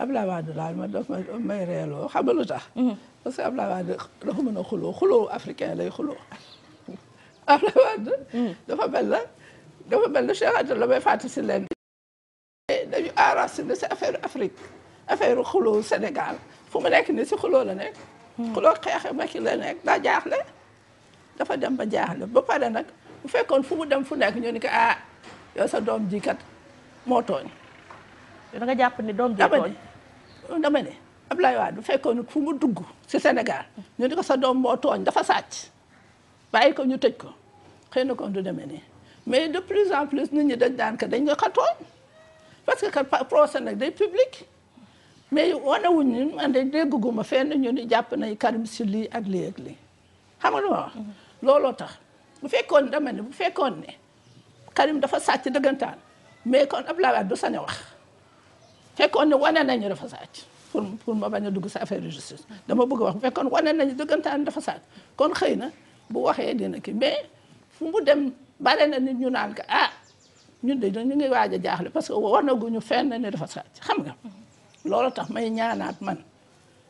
Speaker 1: Ablaye Wade laal ma daf may reeloo xam nga mm-hmm. parce que Ablaye Wade dafa mën a xuloo xuloo africain lay xuloo <laughs> Ablaye Wade. dafa mel na dafa mel na Cheikh la may fàttali si leen. affaire xuloo Sénégal fu mu nekk ni si xuloo la nekk. xuloo xeex Macky la nekk daa jaaxle. dafa dem ba jaaxle ba pare nag bu fekkoon fu mu dem fu nekk ñu ni ko ah sa doom ji kat moo tooñ. da nga jàpp ni doom ji tooñ dama ne Abdoulaye Wade bu fekkoon fu mu dugg si Sénégal ñu ni sa doom dafa sàcc bàyyi ko ñu tëj ko xëy na kon du demee nii mais de plus en plus nit ñi dañ daan que dañ nga ko tooñ parce que kat procès nag day public. mais wanewuñ ñun man de dégguma fenn ñu ni jàpp nañ Karim si lii ak lii ak lii xam nga wax mhm. looloo tax bu fekkoon dama ne bu fekkoon ne Karim dafa sàcc dëggantaan mais kon Abdoulaye Wade du sañ a wax fekkoon ne wane nañu dafa sàcc pour pour bañ a dugg sa affaire de dama bëgg wax bu fekkoon wane nañu dëggantaan dafa sàcc kon xëy na bu waxee dina ki mais fu mu dem bare na nit ñu naan ko ah ñu de ñu ngi waaj a jaaxle parce que war na guñu fenn ne dafa sàcc xam nga mhm. loolu tax may ñaanaat man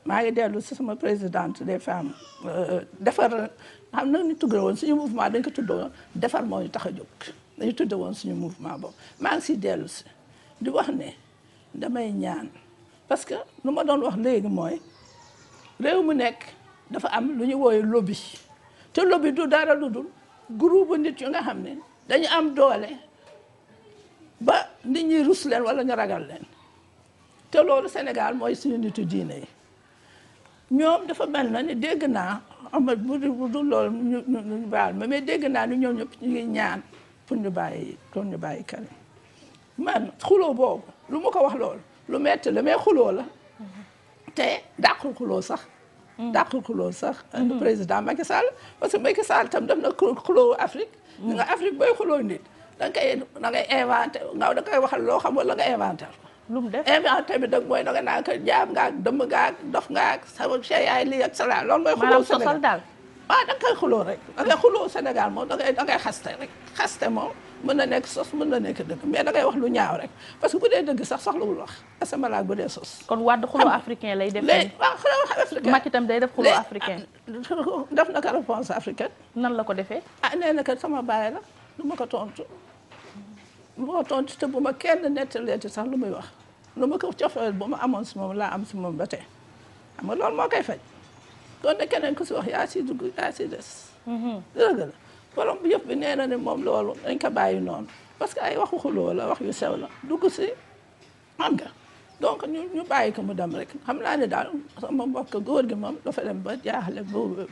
Speaker 1: maa ngi dellu si sama présidente des femmes euh, defar xam na ñu tuddee woon suñu mouvement dañ ko tuddee woon defar moo ñu tax a jóg dañu tuddee woon suñu mouvement boobu maa ngi si dellu si di wax ne damay ñaan parce que lu ma doon wax léegi mooy réew mu nekk dafa am lu ñu wooye lobby te lobby du dara lu dul groupe nit yu nga xam ne dañu am doole ba nit ñi rus leen wala ñu ragal leen te loolu Sénégal mooy suñu nitu diine yi ñoom dafa mel na ni dégg naa am bu dul loolu ñu ñu baal ma mais dégg naa ni ñoom ñëpp ñu ngi ñaan pour ñu bàyyi pour ñu bàyyi Karim man xuloo boobu lu ma ko wax loolu lu metti la mais xuloo la te dàqul xuloo sax. Mm. dàqul xuloo sax. Mm-hmm. président Macky Sall parce que Macky Sall tam def na xuloo Afrique. Mm. nga Afrique booy xuloo nit da nga koy da ngay inventé nga da koy waxal loo xam wala nga inventé. lu mu def inventé bi nag mooy da nga naa ko jaam nga ak dëmm nga ak dof nga ak sama yaay lii ak sala loolu mooy xuloo Sénégal daal waaw da nga koy xuloo rek moom da ngay xaste rek xaste moom mën na nekk sos mën na nekk dëgg mais da ngay wax lu ñaaw rek parce que bu dee dëgg sax soxlawul wax asama laak bu dee sos kon wàdd xuloo africain lay def léegi
Speaker 2: waaw
Speaker 1: itam day def xuloo africain def na ko réponse africaine nan la ko defee ah nee sama baay la lu ma ko tontu moo tontu te bu ma kenn nettaleeti sax lu muy wax lu ma ko cofeel bu ma amoon si moom laa am si moom ba tey xam nga loolu moo koy faj doon ne keneen ko si wax yaa si dugg yaa si des mhm. dëgg yëpp nee na ne moom loolu dañ ko bàyyi noonu parce que ay waxu xuloo la wax yu sew la dugg si xam nga donc ñu ñu bàyyi ko mu dem rek xam naa ne daal sama mbokk góor gi moom dafa dem ba jaaxle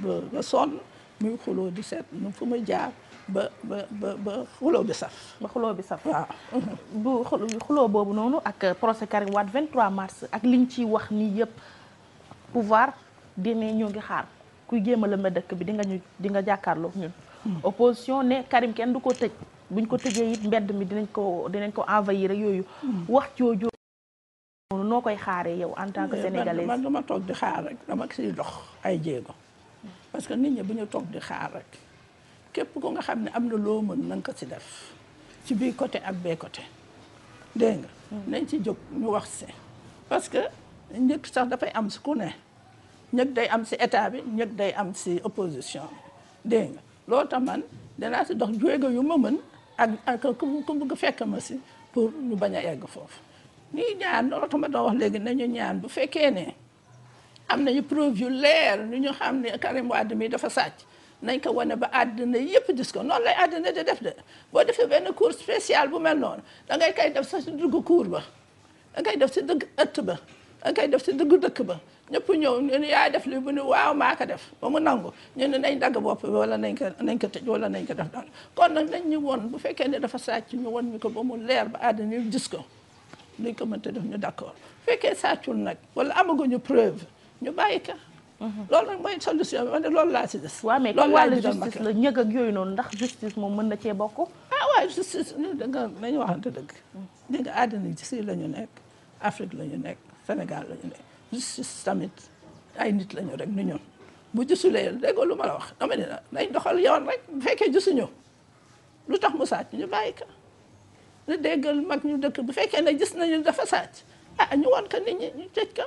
Speaker 1: ba ba sonn muy xuloo di seet fu ma jaar ba ba ba ba xuloo bi saf. ba xuloo bi saf waaw. bu xuloo boobu noonu ak procès Karim Wade 23 mars ak liñ ciy wax nii yëpp pouvoir dine ñoo ngi xaar kuy jéem a ma dëkk bi di nga ñu di nga jàkkaarloog ñun. Hmm. opposition ne Karim kenn du ko tëj buñ ko tëjee it mbedd mi dinañ ko dinañ ko envahir rek yooyu. Hmm. wax jooju noonu noo koy xaaree yow en tant que hmm. sénégalaise. man dama toog di xaar rek dama ciy dox ay jéego parce que nit ñi bu ñu toog di xaar rek. képp ko nga xam ne am na loo mën na ko si def ci biir côté ak bee côté dégg nga. Hmm. nañ ci jóg ñu wax si parce que njëkk sax dafay am si ku ne ñëg day am si état bi ñëg day am si opposition dégg nga loolu tax man si dox jéego yu ma mën ak ak ku bëgg fekk ma si pour ñu bañ a yegg foofu ñuy ñaan loolu ma doon wax léegi nañu ñaan bu fekkee ne am nañu preuve yu leer ñu ñu xam ne Karim Wade mi dafa sàcc nañ ko wane ba àddina yëpp gis ko noonu lay àddina de def de boo defee benn cours spécial bu mel noon dangay ngay koy def sax si dugg cours ba da ngay def si dëgg ëtt ba da ngay def si dëgg dëkk ba ñëpp ñëw ñu ne yaa def li bu ne maa ko def ba mu nangu ñu ne nañ dagg wala nañ ko nañ ko tëj wala nañ ko def daal kon nag nañ ñu won bu fekkee ne dafa sàcc ñu won ñu ko ba mu leer ba àddina yëpp gis ko liñ ko mënta def ñu d'accord bu fekkee sàccul nag wala amaguñu preuve ñu bàyyi ka loolu nag mooy solution bi man de loolu laa si des. waaw mais comme wàllu justice la ñëg yooyu noonu ndax justice moom mën na cee bokk. ah waaw justice ñun da nga nañu waxante dëgg. di nga àddina ci si la ñu nekk Afrique la ñu nekk senegal la nekk justice tamit ay nit la ñu rek nu ñun bu jusulee déggoo lu ma la wax dama ne la nañ doxal yoon rek bu fekkee jusuñu lu tax mu sàcc ñu bàyyi ko dëgg déggal mag ñu dëkk bu fekkee ne gis nañu dafa sàcc ah ñu wan ko nit ñu tëj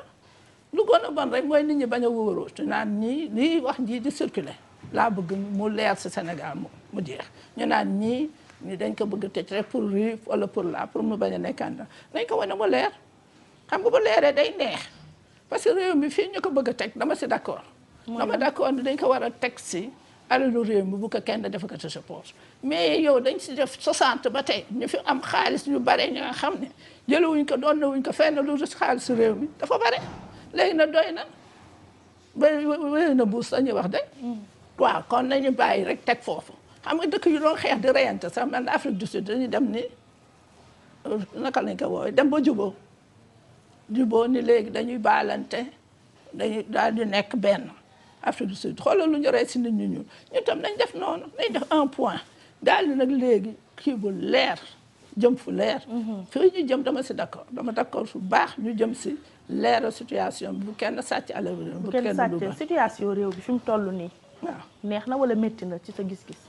Speaker 1: lu gën a bon rek mooy nit ñi bañ a wóoroo su naan ñii lii wax ji di circuler laa bëgg mu leer si Sénégal mu mu jeex ñu naan ñii dañ ko bëgg tëj rek pour ri wala pour la pour mu bañ a nekkandax dañ ko wane mu leer xam nga bu leeree day neex parce que réew mi fii ñu ko bëgg a teg dama si d'accord dama d'accord ni dañ ko war a teg si alalu réew mi bu ko kenn defe ko ci sa poche mais yow dañ si def 60 ba tey ñu fi am xaalis ñu bare ñu nga xam ne jëlewuñ ko doon na wuñ ko fenn lu xaalis réew mi dafa bare léegi na doy na ba wéy na buus sañu wax de mm. waaw kon nañu bàyyi rek teg foofu xam nga dëkk yu doon xeex di reyante sax man Afrique du Sud dañuy dem ni naka lañ ko woowee dem ba juboo juboo ni léegi dañuy baalante dañuy daal di nekk benn Afrique du Sud xoolal lu ñu rey si nit ñu ñuul ñu tam nañ def noonu nañ def un point daal di nag léegi kii bu leer jëm fu leer mhm. fii ñu jëm dama si d'accord dama d'accord fu baax ñu jëm si leer situation bi bu kenn sàcc alal réew bu kenn sàcc situation réew bi fi toll nii neex na wala métti na ci sa gis-gis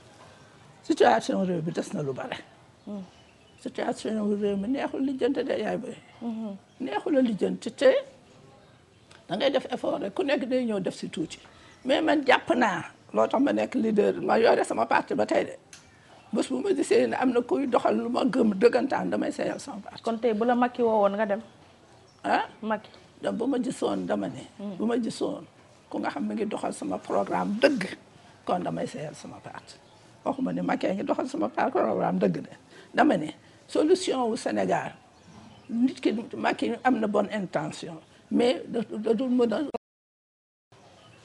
Speaker 1: situation bi des na lu bare mhm. situation réew mi neexul lijjanti de yaay boy mhm. neexul a lijjanti te da ngay def effort rek ku nekk day ñëw def si tuuti mais man jàpp naa loo tax ma nekk leader ma yore sama parti ba tey bés bu ma gisee ne am na kuy doxal lu ma gëm dëggantaan damay seeyal sama baat. kon tey bu la Macky woowoon nga dem. ah Macky. donc ma gisoon dama ne. Hmm. bu ma gisoon ku nga xam mi ngi doxal sama programme dëgg kon damay seeyal sama baat waxuma ne Macky ngi doxal sama programme dëgg de dama ne solution wu Sénégal nit ki Macky am na bon intention mais da dul mën a.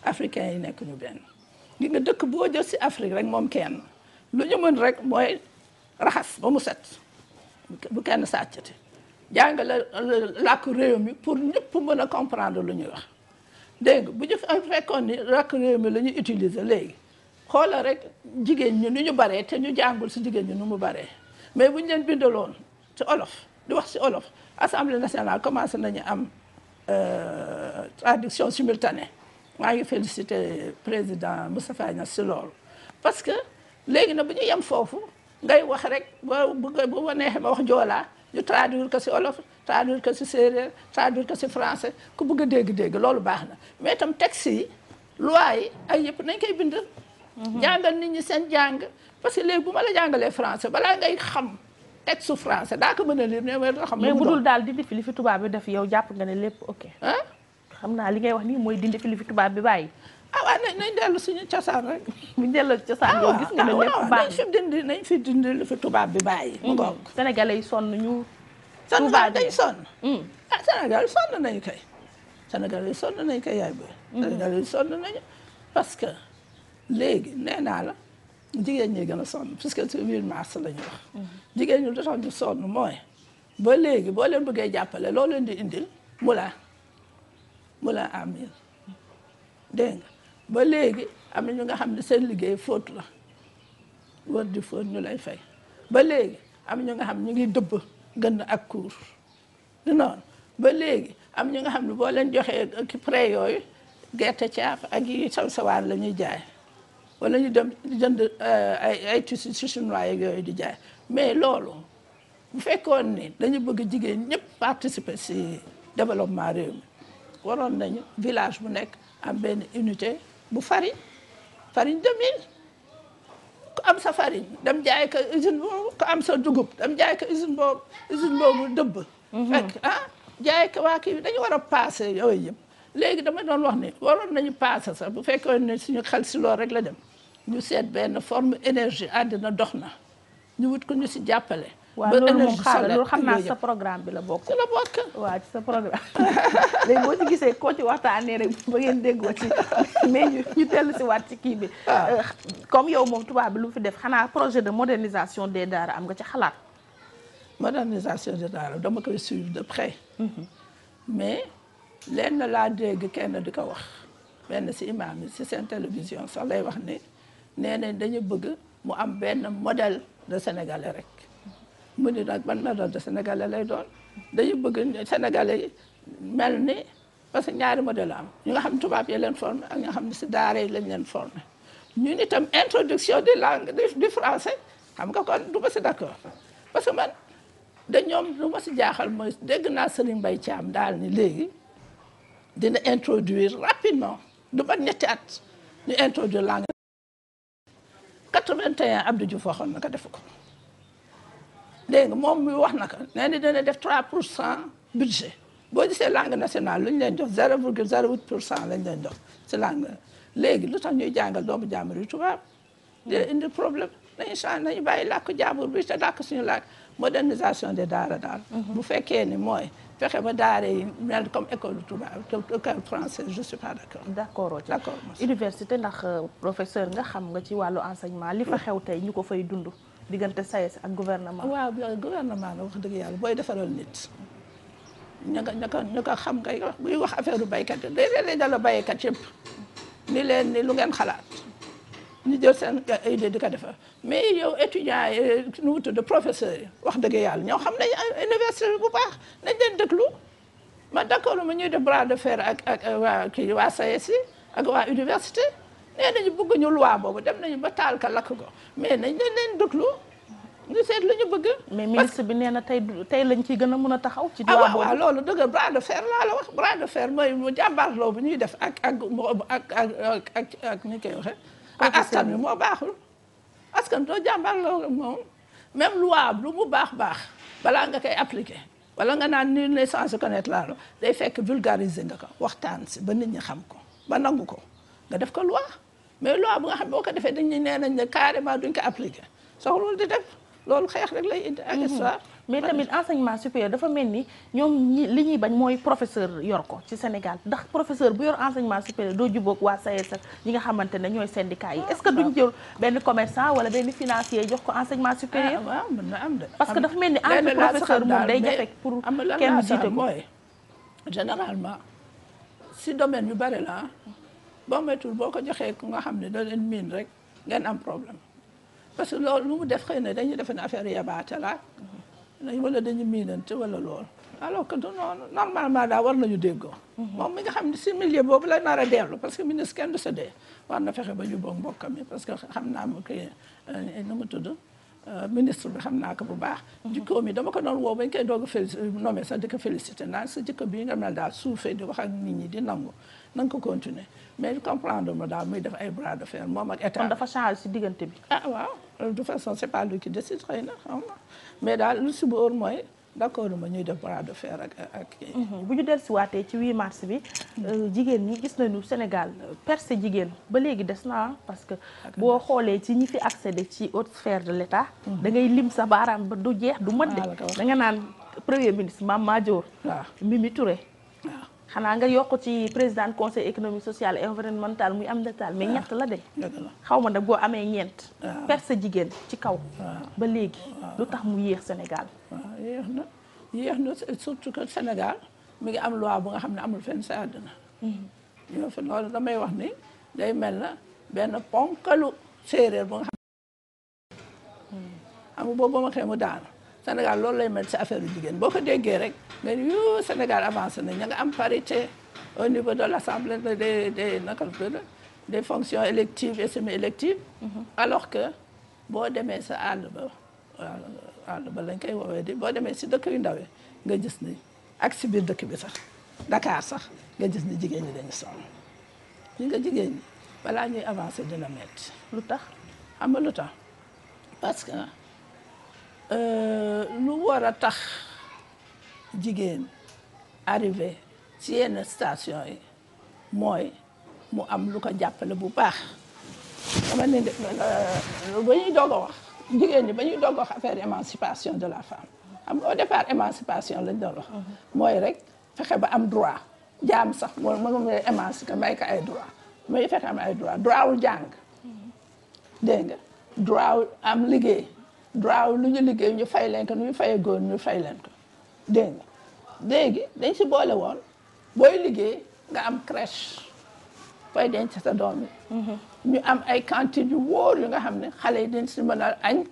Speaker 1: africains yi nekk ñu benn. li nga dëkk boo jël si Afrique rek moom kenn. lu ñu mën rek mooy raxas ba mu set bu kenn sàccati jàngale làkk réew mi pour ñëpp mën a comprendre lu ñuy wax dégg bu ñu fekkoon ni làkk réew mi la utiliser léegi xoolal rek jigéen ñi ni ñu baree te ñu jàngul si jigéen ñi nu mu baree mais bu ñu leen bindaloon si olof di wax si olof assemblée nationale commencé nañu am euh, traduction simultanée maa ngi félicité président Moustapha Niasse si loolu parce que léegi nag bu ñu yem foofu ngay wax rek ba bëgg bu ma neexee ma wax joolaa ñu traduire ko si olof traduire ko si séeréer traduire ko si français ku bëgg a dégg-dégg loolu baax na mais itam texte yi loi yi ay yëpp nañ koy bind. Mhm. jàngal nit ñi seen jàng parce que léegi bu ma la jàngalee français balaa ngay xam texte su français daa ko mën a lire mais xam mais bu dul daal dindi fi li fi tubaab bi def yow jàpp nga ne lépp ok. xam naa li ngay wax nii mooy dindi fi li fi tubaab bi bàyyi. ah waaw nañ nañ dellu suñu cosaan rek. <laughs> bu ñu delloo cosaan yow ah gis nga ne ah lépp baax nañ fi dindi nañ fi dindi lu tubaab bi bàyyi. mu ngoog sénégalais yi sonn ñu. tubaab dañ sonn. Mm. ah sénégalais yi kay. sénégalais yi sonn nañu kay yaay booy. sénégalais parce que léegi nee naa la jigéen ñi gën a sonn puisque ci huit mars la ñu wax. Mm-hmm. jigéen ñi lu tax ñu mooy ba léegi boo leen bëggee jàppale loo leen di indil mu la mu la amil dégg ba léegi am na ñu nga xam ne seen liggéey fóot la wër di fóot ñu lay fay ba léegi am ñu nga xam ñu ngi dëbb gën ak kuur du ba léegi am ñu nga xam ne boo leen joxee ki pré yooyu gerte caaf ak yi saw sawaan la ñuy jaay wala ñu dem jënd eh, ay ay tissus si chinois yeeg yooyu di jaay mais loolu bu fekkoon ni dañu bëgg jigéen ñëpp participer si développement réew mi waroon nañu village bu nekk am benn unité bu farine farine de ku am sa farine dem jaay ko usine boobu ku am sa dugub dem jaay ko usine boobu usine boobu dëbb mhm. fekk ah, jaay ko waa kii dañu war a passé yooyu yëpp léegi dama doon wax ne waroon nañu passé sax bu fekkoon ne suñu xel si loolu rek la dem ñu seet benn forme énergie àddina dox na ñu wut ko ñu si jàppale waaw loolu moom xaaral loolu xam naa sa programme bi la bokk. ci la bokk waaw ci sa programme <laughs> léegi boo ci gisee koo ci waxtaanee rek ba ngeen déggoo ci mais ñu tell tellu si waat ci kii bi. Ah. Euh, comme yow moom tubaab bi lu fi def xanaa projet de modernisation des daara am nga ci xalaat. modernisation des daara dama koy suivre de près. Mhm. mais lenn laa dégg kenn di ko wax. benn si imaam yi si seen télévision sax lay wax ne nee nañ dañu bëgg mu am benn modèle de sénégalais rek. mu ni nag man mélange de sénégalais lay doon dañu bëgg sénégalais mel ni parce que ñaari modèle am ñu nga xam tubaab yi leen formé ak ñu nga xam ne si daara yi lañ leen formé ñun itam introduction de langue du français xam nga kon du ma si d'accord parce que man da ñoom lu ma si jaaxal mooy dégg naa Serigne Mbaye Thiam daal ni léegi dina introduire rapidement du ba ñetti at ñu introduire langue 81 Abdou Diouf waxoon na def ko dégg nga moom mi wax naka nee na dina def 3 pour cent budget boo gisee langue national lu ñu leen jox 0 virgule 08 pour cent lañ leen jox si langue léegi lu tax ñuy jàngal doomu jàmbur yu tubaab di indi problème nañu na nañu bàyyi làkk jàmbur bi te làkk suñu làkk modernisation de daara daal mhm. bu fekkee ni mooy fexe ba daara yi mel comme école tubaab école française je suis pas d'accord d'accord d'accord université ndax euh, professeur nga xam nga ci wàllu enseignement li fa xew tey ñu ko fay dund diggante SAES ak gouvernement. waaw gouvernement la wax dëgg yàlla booy defaral nit. ña nga ña ko ña ko xam ngay wax buy wax affaire baykat yi day day dala baykat yëpp. ni leen ni lu ngeen xalaat. ñu jël seen ay di ko defar mais yow étudiant yi nu wutu de professeur yi wax dëgg yàlla ñoo xam nañ université bu baax nañ leen déglu. ma d'accord ma ñuy def bras de fer ak waa kii waa SAES ak waa université. nee nañu bëgg ñu loi boobu dem nañu ba taal ka lakk ko mais nañ leen leen déglu ñu seet lu ñu bëgg. mais ministre bi nee na tey tey lañ ciy gën a mën a taxaw. ci loi ah, boobu ah loolu dëgg bras de fer laa la wax bras de fer mooy mu jàmbaarloo bu ñuy def ak ak ak ak ak ak ni bi moo baaxul. askan bi doo jàmbaarloo moom même loi lu mu baax baax balaa nga koy appliquer wala nga naan nul n'est censé connaître la loi day fekk vulgariser nga ko waxtaan si ba nit ñi xam ko ba nangu ko nga def mais loi bu nga xam boo ko defee dañuy nee nañ ne carrément duñ ko appliqué soxlawul di def loolu xeex rek lay indi ak mhm. mais tamit enseignement supérieur dafa mel ni ñoom ñi li ñuy bañ mooy professeur yor ko ci Sénégal ndax professeur bu yor enseignement supérieur doo jubóog waa SAES e ñi nga xamante ne ñooy syndicat yi ah, est-ce que duñ jël benn commerçant wala benn financier jox ko enseignement supérieur ah, am parce que dafa mel ni entre professeur moom day jafe pour kenn jiite mooy généralement si domaine yu bari la boo moytuwul boo ko joxe ku nga xam ne da leen miin rek ngeen am problème parce que loolu lu mu def xëy na dañuy defe ne affaire yabaate la wala dañu miinante wala loolu alors que du noonu normalement daa war nañu déggoo mhm. moom mi nga xam ne si boobu la nar a dellu parce que ministre kenn du sa dee war na fexe ba jubóog mbokkam yi parce que xam naa mu kii euh, nu mu tudd euh, ministre bi xam naa ko bu baax mhm. jikkoom yi dama ko doon woo bañ koy doog a félicité euh, nommé sax di ko félicité naan sa jikko bii nga mel daal suufee di ak nit ñi di nangu na ko continuer mais comprendre ma daal muy def ay bras de fer moom ak état. kon dafa changé si diggante bi. ah waaw de toute façon c'est pas lui qui décide xëy na xam nga mais daal lu si boor mooy. d'accord ma ñuy def bras de fer ak mhm. bu ñu dellusiwaatee ci 8 mars bi euh, jigéen ñi gis nañu Sénégal percé jigéen ba léegi des naa parce que boo xoolee ci ñi fi accédé ci haute sphère de l'État. Mhm. da ngay lim sa baaraam ba du jeex du mën de. Ah, da nga naan premier ministre Mame Madior. waaw ah. Mimi xanaa nga yokk ci président conseil économique sociale et muy am detaal mais ah. ñett la de xaw ma nag boo amee ñeent ah. sa jigéen ci kaw ah. ba léegi lu tax mu yéex Sénégal yéex na yéex na surtout Sénégal mi ngi am loi bu nga xam ne amul fenn sa àdduna ñoo mhm. fi damay wax ni day mel na benn ponkalu séeréer bu nga xam hmm. mu daanu Sénégal loolu lay mel ci affaire jigéen boo ko déggee rek nga ni yoo Sénégal avancé na ña nga am parité au niveau de l' assemblée des des naka des fonctions électives et semi-électives. Mm-hmm. alors que boo demee sa àll ba euh, àll ba lañ koy woowee di boo demee si dëkk yu ndawe nga gis ni ak si biir dëkk bi sax Dakar sax nga gis ni jigéen ñi dañu sonn ñi nga jigéen balaa ñuy avancé dina metti lu tax xam lu tax parce que. Euh, lu war a tax jigéen arrivé si yenn station yi mooy mu am lu ko jàppale bu baax dama ne euh, ba ñuy doog a wax jigéen ñi ba ñuy doog a wax affaire émancipation de la femme am nga au départ émancipation lañ doon mhm. mooy rek fexe ba am droit jaam sax moo moom lay émancipé may ko ay droit muy fexe am ay droit droit wu jàng mhm. dégg nga droit am liggéey droit lu ñu liggéey ñu fay leen ko nu ñu fayee góor ñu fay leen ko léegi dañ si boole woon booy liggéey nga am creche fay denc sa doom yi mhm. ñu am ay cantines yu wóor yu nga xam ne xale yi dañ si mën a añ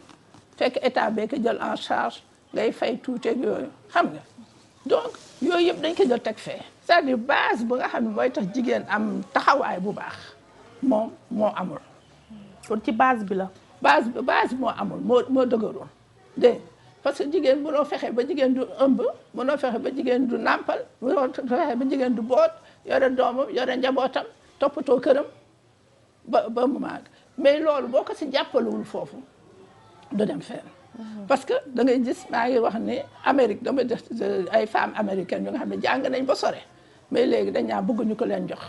Speaker 1: fekk état bee ko jël en charge ngay fay tuuteeg yooyu xam nga donc yooyu yëpp dañ ko jël teg fee cest à baas base bu nga xam ne mooy tax jigéen am taxawaay bu baax moom moo amul kon ci base bi la base base moo amul moo moo dëgëroon de parce que jigéen mënoo fexe ba jigéen du ëmb mënoo fexe ba jigéen du nàmpal mënoo fexe ba jigéen du boot yore doomam yore njabootam toppatoo këram ba ba mu màgg mais loolu boo ko si jàppalewul foofu du dem fenn. Mhm. parce que da ngay gis maa ngi wax ne Amérique dama def ay femmes américaines ñu nga xam ne jàng nañ ba sore mais léegi dañ ñaa bëgg ñu ko leen jox.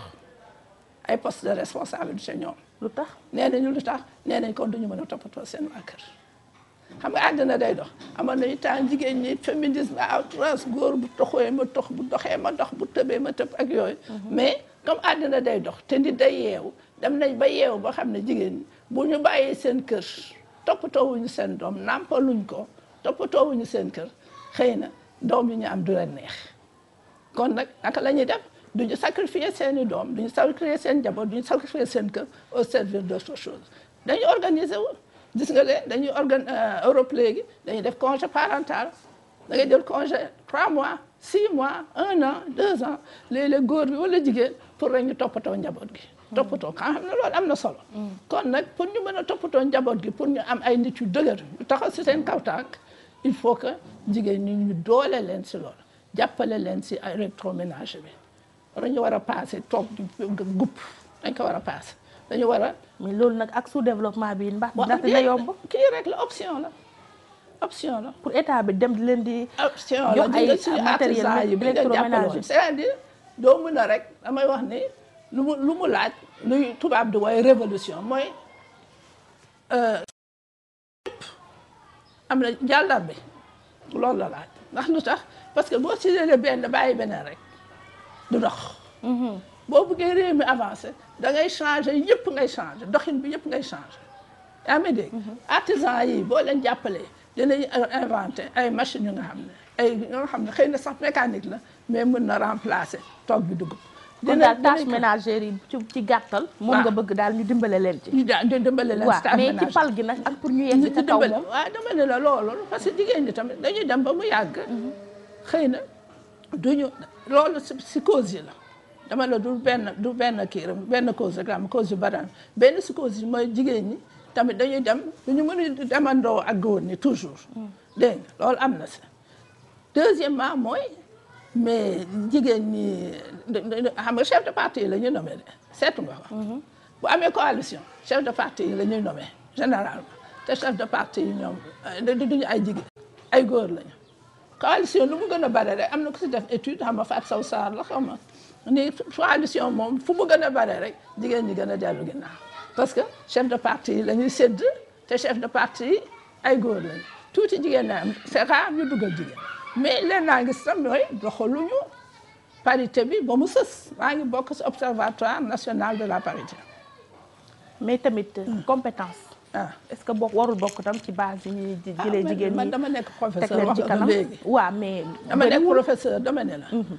Speaker 1: ay poste de responsable du ca ñoom. lu tax nee nañu lu tax nee koo kon duñu mën a toppatoo seen waa kër. xam nga àddina day dox amoon nañu temps jigéen ñi féminisme à outrance góor bu toxee ma tox bu doxee ma dox bu tëbee ma tëb ak yooyu. Mhm. mais comme àddina day dox te nit day yeewu dem nañ ba yeewu ba xam ne jigéen ñi bu ñu bàyyee seen kër toppatoowuñu seen doom nàmpaluñ ko toppatoowuñu seen kër xëy na doom yi ñu am du leen kon nag naka la def. du ñu sacrifier seen i doom du ñu sacrifier seen njaboot du ñu sacrifier seen kër au service d' autre chose dañuy organiser wu gis nga leen dañuy organ euh, Europe léegi dañuy def congé parental
Speaker 2: da ngay jël congé
Speaker 1: 3 mois 6 mois 1 an 2 ans léeg góor bi wala jigéen pour rek ñu toppatoo njaboot gi. Mm. toppatoo xam ne loolu am na solo. Mm. kon nag pour ñu mën a toppatoo njaboot gi pour ñu am ay nit yu dëgër yu taxaw si seen kaw tànk il faut que jigéen ñi ñu doole leen si lool jàppale leen si électroménager bi. dañu war a passé toog gupp dañ ko war a passé dañu war a mais loolu nag ak sous développement bii bi mbax ndax dina yomb kii rek la option la option la pour état bi dem di leen di option la ay matériel yi électroménager c'est-à-dire doo mën a rek damay wax ni lu mu lu mu laaj luy tubaab di wooy révolution mooy euh, am na jàllar bi loolu la laaj ndax lu tax parce que boo si benn bàyyi beneen rek du dox. Mhm. boo buggee réew mi avancé da ngay changé yëpp ngay changé doxin bi yëpp ngay changé. yaa ngi dégg mhm. artisan yi boo leen jàppalee dinañ inventé ay machine yunga nga xam ne ay yoo xam ne xëy na sax mécanique la mais mën na remplacer toog bi dugub. dinañ kon daal tâche yi ci ci gàttal. moom nga bëgg daal ñu dimbale leen ci. ñu daal ñu dimbale leen ci tâche ménagère mais ci pal gi nag pour ñu yegg ci kaw moom. waaw dama ne que jigéen ñi tamit dañuy dem ba mu yàgg. Mhm. xëy na. du duñu loolu si cause yi la dama la du benn du benn kii rek benn cause rek la am cause yu bari benn si cause yi mooy jigéen ñi tamit dañuy dem duñu mën a demandoo ak góor ñi toujours mm. dégg nga loolu am na si deuxièmement mooy mais jigéen ñi xam nga chef de parti yi la ñuy nommé de seetu nga ko mm-hmm. bu amee coalition chef de parti yi la ñuy nommé généralement te chef de parti yi ñoom euh, duñu ay jigéen ay góor lañu coalition lu mu gën a bare rek am na ko si def étude xam nga Fatou Sow Sarr la xam nga ni coalition moom fu mu gën a bare rek jigéen di gën a dellu ginnaaw parce que chef de parti yi la ñuy sédd te chef de parti yi ay góor lañu tuuti jigéen na am c'est rare ñu dugal jigéen mais leen naa ngi sam mooy doxaluñu parité bi ba mu sës maa ngi bokk si observatoire national de la parité mais tamit hmm. compétence Ah. est-ce que bokk warul bokk tam ci base yi ñuy ah, jëlee jigéen ñi dama nekk professeur wax nga léegi waaw mais dama nekk professeur dama ne la mhm.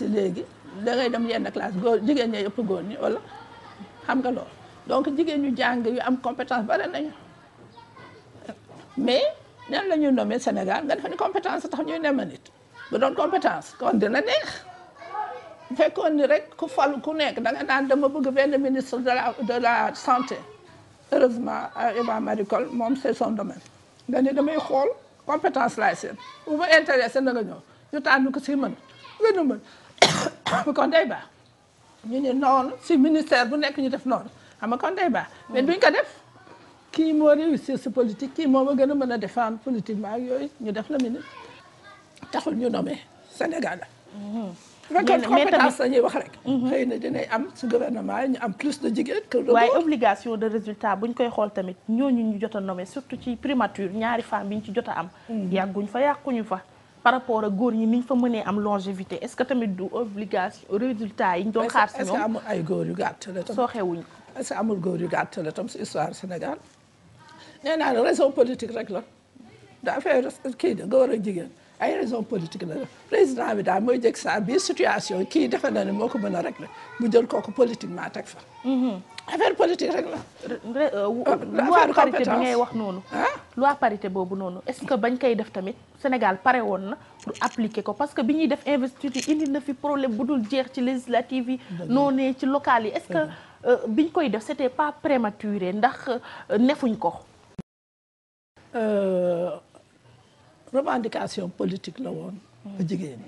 Speaker 1: yi léegi da ngay dem yenn classe góor jigéen ñi yëpp góor ñi wala xam nga loolu donc jigéen ñu jàng yu am compétence bare nañu mais nan la ñuy nommé Sénégal nga fa ni compétence tax ñuy nema nit bu doon compétence kon dina neex fekk fekkoon ni rek ku fal ku nekk da nga naan dama bëgg benn ministre de la santé heureusement Iba Marie Coll moom c'est son domaine dañu damay xool compétence laay seen bu ma intéressé na nga ñu tànn ko si mën gënu mën kon day baax ñu ne noonu si ministère bu nekk ñu def noon xam nga kon day baax mais duñ ko def kii moo réussir si politique kii moom ma gën a mën a défendre politiquement ak yooyu ñu def la ministre taxul ñu nommé Sénégal mm-hmm. bu fekkoon compétence wax rek. Mhm. xëy na dinañ am ci gouvernement yi ñu am plus de jigéen. que de waaye obligation de résultat buñ koy xool tamit ñooñu ñu jot a nommé surtout ci primature ñaari femmes biñ ci jot a am. Mhm. yàgguñ fa yàquñu fa. par rapport ak góor ñi niñ fa mënee am longévité est-ce que tamit du obligation résultat yi ñu doon xaar si ñoom est-ce que amul ay góor yu gàtt la tam. sooxewuñ ko est-ce que amul góor yu gàtt la tam si histoire Sénégal nee naa la raison politique rek la daa fay kii de góor ak jigéen. ay raison politique la président bi daal mooy jëkk saa biir situation kii defe na ne moo ko mën a régler mu jël kooku politiquement teg fa. Mhm. affaire politique rek la. Euh, ah, loi parité bi ngay wax noonu. Ah? loi parité boobu noonu est-ce que bañ koy def tamit Sénégal pare woon na pour appliquer ko parce que bi ñuy def investiture indi na fi problème bu dul jeex ci législative yi. noonee ci local yi est-ce que euh, biñ koy def c'était pas prématuré ndax euh, nefuñ ko. revendication politique la woon jigéen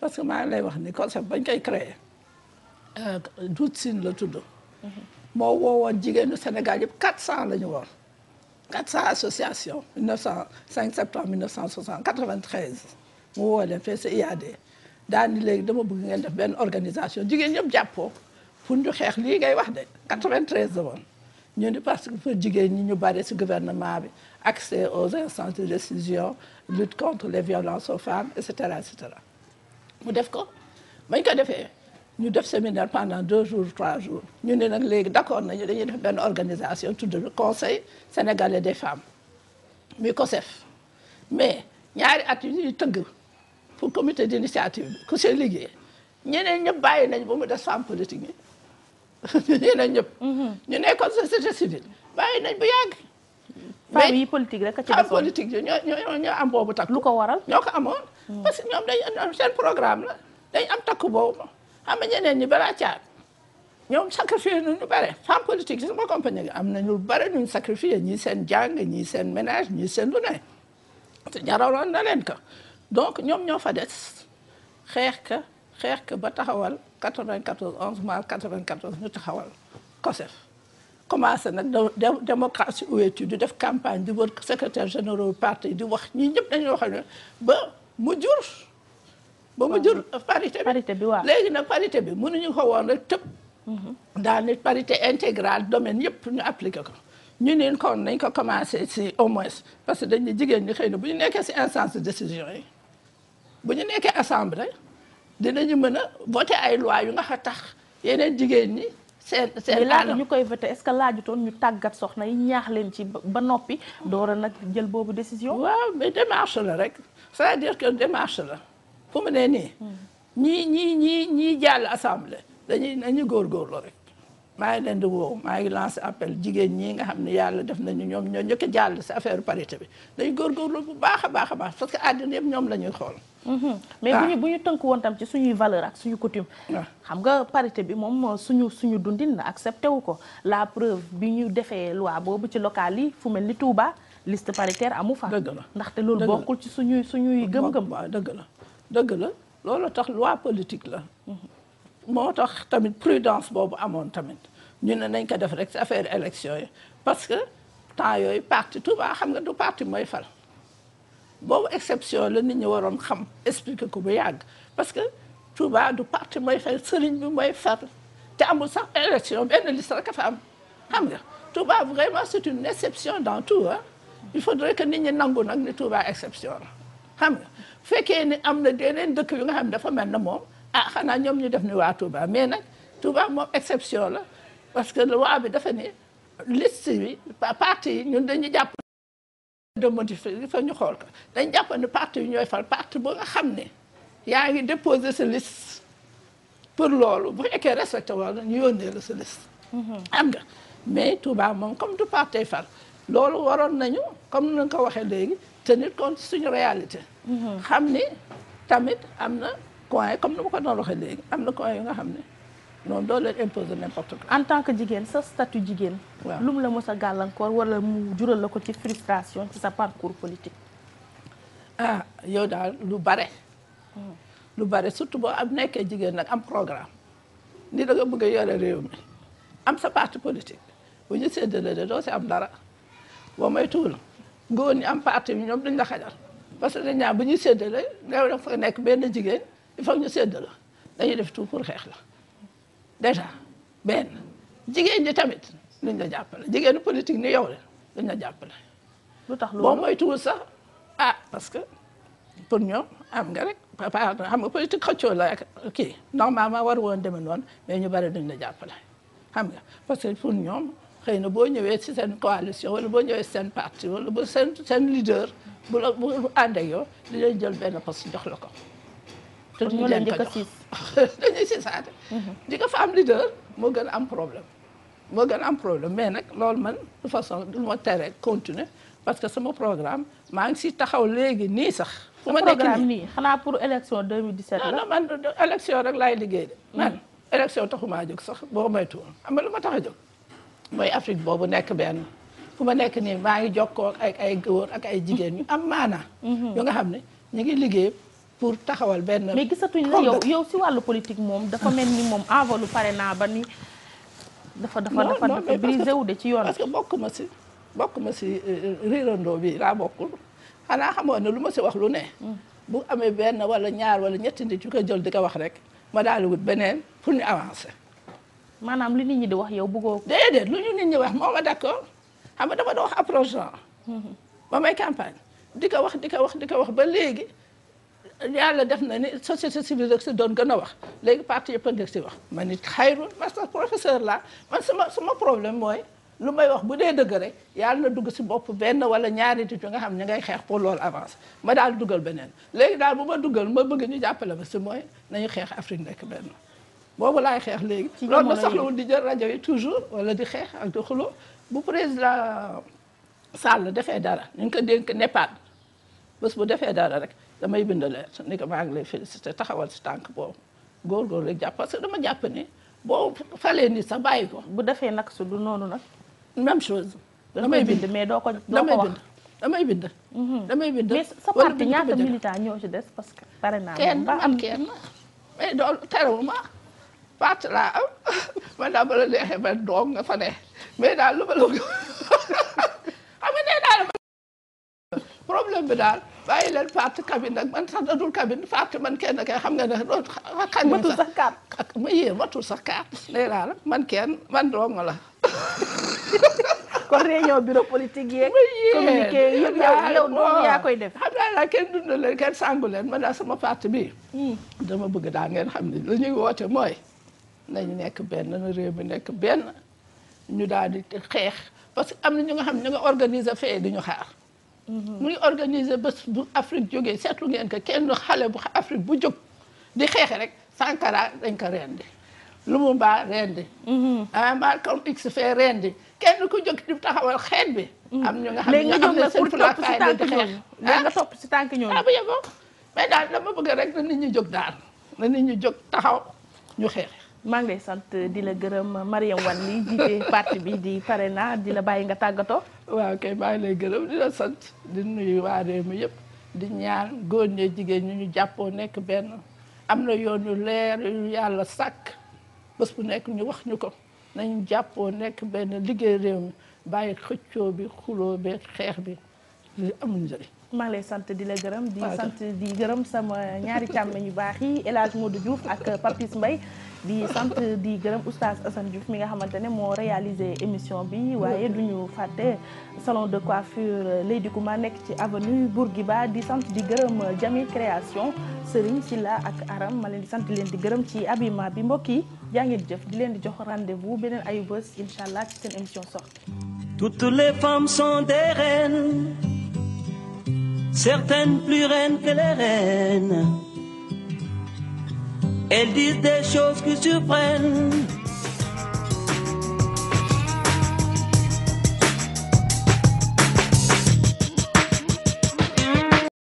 Speaker 1: parce que maa ngi lay wax ni concept bañ koy créer euh, Doudou Sine la tudd moo woowoon jigéenu Sénégal yëpp quatre cent la ñu woon quatre cent association mille neuf cent cinq septembre mille neuf cent soixante quatre vingt IAD daal ni léegi dama bëgg ngeen def benn organisation jigéen ñëpp jàppoo pour ñu xeex lii ngay wax de quatre-vingt-treize la woon ñu ni parce que pour jigéen ñi ñu bari ci gouvernement bi accès aux instances de décision lutte contre les violences aux femmes et cetera et mu def ko bañ ko defee ñu def séminaire pendant deux jours trois jours ñu ne nag léegi d'accord nañu dañuy def benn organisation tudd conseil sénégalais des femmes muy COSEF mais ñaari at yu ñuy tëgg pour comité d'initiative bi ku ci liggéey ñeneen ñëpp bàyyi nañ ba mu def femmes politiques yi ñii lañ <laughs> ñëpp. Mhm. ñu nekkoon société civile bàyyi nañ bu yàgg. femmes yi politique rek a ci defoon politique yi ñoo ñoo ñoo am boobu takk. lu ko waral ñoo ko amoon. Mhm. parce que ñoom dañ am seen programme la dañ am takk boobu xam nga ñeneen ñi balaa caat ñoom sacrifié nu ñu bare femme politique yi am nañu bare nu ñu sacrifié seen jàng ñii seen ménage ñii seen lu ne te jaraloon na leen ko donc ñoom ñoo fa des xeex ka xeex ka ba taxawal. 94 11 mars 94 ñu taxawal COSEF commencé nag démocratie ouverture di def campagne di wër secrétaire général parti di wax ñi ñëpp dañuy wax ne ba mu jur ba mu jur parité bi parité bi waaw léegi nag parité bi mënuñu ko woon rek tëb mhm. daal ni parité intégrale domaine yëpp ñu appliqué ko ñu neen kon nañ ko commencé si au moins parce que dañu jigéen ñi xëy na bu ñu nekkee si instance de décision yi bu ñu nekkee assemblée dinañu mën a voter ay loi yu nga xa tax yeneen jigéen ñi seen seen laata ñu koy voter est-ce que laajutoon ñu tàggat soxna yi ñaax leen ci ba noppi doora nag jël boobu décision waaw mais démarche la rek sa à dire que démarche la fu mu ne nii ñii ñii ñii ñii jàll assemblée dañuy nañu góorgóorlu rek maa ngi leen di woo maa ngi lancé appel jigéen ñi nga xam ne yàlla def nañu ñoom ñoo njëkk a jàll si affaire parité bi dañu góorgóorlu bu baax a baax a baax parce que àddina yëpp ñoom la ñuy xool Mm-hmm. mais ah. bu ñu bu ñu tënk woon tam ci suñuy valeur ak suñu coutume. Ah. xam nga parité bi moom suñu suñu dundin la accepté wu ko la preuve bi ñu defee loi boobu ci local yi fu mel ni tuuba liste paritaire amu fa. dëgg la ndaxte loolu bokkul ci suñuy suñuy gëm-gëm. dëgg la dëgg la loolu tax loi politique la.
Speaker 2: Mm-hmm.
Speaker 1: moo tax tamit prudence boobu amoon tamit ñu ne nañ ko def rek si affaire élection yi parce que temps yooyu parti Touba xam nga du parti mooy fal. boobu exception la nit ñi waroon xam expliquer ko bu yàgg parce que Touba du parti mooy fay sëriñ bi mooy far te amul sax élection benn liste rek fa am xam nga Touba vraiment c'est une exception dans tout ah il faudrait que nit ñi nangu nag ni Touba exception la xam nga fekkee ni am na yeneen dëkk yu nga xam ne dafa mel na moom ah xanaa ñoom ñu def ni waa Touba mais nag Touba moom exception la parce que loi bi dafa ni liste bi parti yi ñun jàpp de modifier il ñu xool ko dañ jàpp ne parti yi ñooy fal parti bu nga xam ne yaa ngi déposé sa liste pour loolu bu fekkee respecté wala ñu yónnee la sa liste. Mm-hmm. am nga mais Touba moom comme du parti fal loolu waroon nañu comme nu nga ko waxee léegi tenir compte suñu réalité. Mm-hmm. xam ni tamit am na coin comme ni ma ko doon waxee léegi am na coin yu nga xam ne. non doo leen imposer n'importe en tant que jigéen sa statut jigéen. waaw lu mu la mos a gàllankoor wala mu jural la ko ci frustration ci sa parcours politique. ah yow daal lu bare. Hmm. lu bare surtout boo am nekkee jigéen nag am programme ni da nga bëgg a yore mi am sa parti politique bu ñu séddale de doo si am dara boo may tuul góor ñi am parti bi ñoom duñ la xajal parce que dañ ñaa bu ñuy séddale réew dafa nekk benn jigéen il faut ñu séddale dañuy def tout pour xeex la. déjà benn jigéen ñi tamit duñ la jàppale jigéenu politique ni yow la duñ la jàppale. lu tax loolu boo moytuwul sax ah parce que pour ñoom am nga rek papa xam nga politique xëccoo la kii normalement war woon demee noon mais ñu bari duñ la jàppale xam nga parce que pour ñoom. xëy na boo ñëwee si seen coalition wala boo ñëwee seen parti wala bu seen seen leader bu la bu ànd ak yow di leen jël benn poste jox la ko tur ñu leen di ko siis di <laughs> ko am leader moo gën am problème moo gën am problème mais nag loolu man de façon du ma tere continuer parce que sama programme maa ngi si taxaw léegi nii sax fu ma nekk nii xanaa pour élection de la non man élection rek laay liggéey de mm. man élection taxumaa jóg sax boo moytuwul xam nga lu ma tax a jóg mooy Afrique boobu nekk benn fu ma nekk nii maa ngi jokkoo ak ay góor ak ay jigéen ñu am maanaa. Mm-hmm. yu nga xam ne ñu ngi liggéey pour taxawal benn. mais gisatuñ la yow yow si wàllu politique moom dafa mel ni moom envolu pare naa ba ni. dafa dafa dafa dafa brisé wu de ci yoon. parce que bokk ma si bokk si euh, euh, riirandoo bi laa bokkul xanaa xamoon ne lu ma si wax lu ne. Hmm. bu amee benn wala ñaar wala ñetti nit yu di ko wax rek ma daal wut beneen pour ñu avancer. maanaam li nit ñi di wax yaw yow bëggoo. déedéet lu ñu nit ñi wax moo a d'accord xam nga dama doon wax approche hmm. ba may campagne di ko wax di ko wax ba léegi. yàlla def na ni société civile rek si doon gën a wax léegi parti yëpp a ngi si wax man it xayrul parce que professeur la man sama sama problème mooy lu may wax bu dee dëgg rek yàlla na dugg si bopp benn wala ñaari nit yu nga xam ñu ngay xeex pour lool avance ma daal dugal beneen léegi daal bu ma dugal ma bëgg ñu jàppale ma si mooy nañu xeex Afrique nekk benn boobu laay xeex léegi loolu na soxlawul di jël rajo yi toujours wala di xeex ak di xuloo bu président Sall defee dara ñu ngi ko dénk Népal bés bu defee dara rek damay bind lettre ni ko maa ngi lay félicité taxawal si tànk boobu góorgóorlu rek jàpp parce que dama jàpp ni boo falee ni sax bàyyi ko. bu defee nag su du noonu nag. même chose. damay bind mais doo ko doo ko wax damay bind. Mhm. damay bind mais sa parti ñaata militant ci des parce que. pare naa kenn man kenn mais dool terewul ma parti laa am <laughs> man daa ba la neexee ba doom nga fa ne mais daal lu ma la <laughs> xam nga nee naa la problème bi daal bàyyi leen parti cabine nag man sax dadul cabine parti man kenn kay xam nga ne xañ matul sax carte ma yéer matul sax carte nee naa la man kenn man dong la <laughs> kon réunion bureau politique yeeg communiqué yëpp yow noonu yaa koy def xam naa laa kenn dundal leen kenn sàngu leen man daal sama parti bi hmm. dama bëgg daal ngeen xam ne la ñuy woote mooy nañu nekk benn na réew mi nekk benn ñu daal di xeex parce que am na ñu nga xam ne ñu nga organiser fee di ñu xaar Mm-hmm. muy organiser bés bu Afrique jógee seetlu ngeen ko kenn xale bu Afrique bu jóg di xeexe rek Sankara dañ ko rendi Lumumba rendi mm-hmm. ah, Malcolm X fee rendi kenn ku jóg di taxawal xeet bi mm-hmm. am ñu nga xam ne nga xam ne seen fulaakaay la di xeex léegi nga ah? topp si tànk ñooñu ah, bu yeboo mais daal dama bëgg rek na nit jóg daal na nit ñi jóg taxaw ñu xeex maa ngi lay sant di la gërëm Mariam Wane li jiite parti bi di Parena di la bàyyi nga tàggatoo. waaw kay maa ngi lay gërëm di la sant di nuyu waa mi yëpp di ñaan góor ñee jigéen ñu ñu jàppoo nekk benn am na yoon yu leer yu yàlla sàkk bés bu nekk ñu wax ñu ko nañu jàppoo nekk benn liggéey réew mi bàyyi xëccoo bi xuloo bi xeex bi li amul njëriñ. maa ngi sant di la gërëm di sant di gërëm sama ñaari càmmeñ yu baax yi El Hadj Modou Diouf ak Papis Mbaye di sant di gërëm oustaz Assane Diouf mi nga xamante ne moo réaliser émission bi waaye duñu fàtte salon de coiffure ku ma nekk ci avenue Bourguiba di sant di gërëm Jami Création Serigne Silla ak Aram ma leen di sant leen di gërëm ci abima bi mbokk yi jaa ngeen jëf di leen di jox rendez-vous beneen ayu bés incha allah ci seen émission sortie toutes les femmes certaines plus reines que les reines. Elles disent des choses qui surprennent.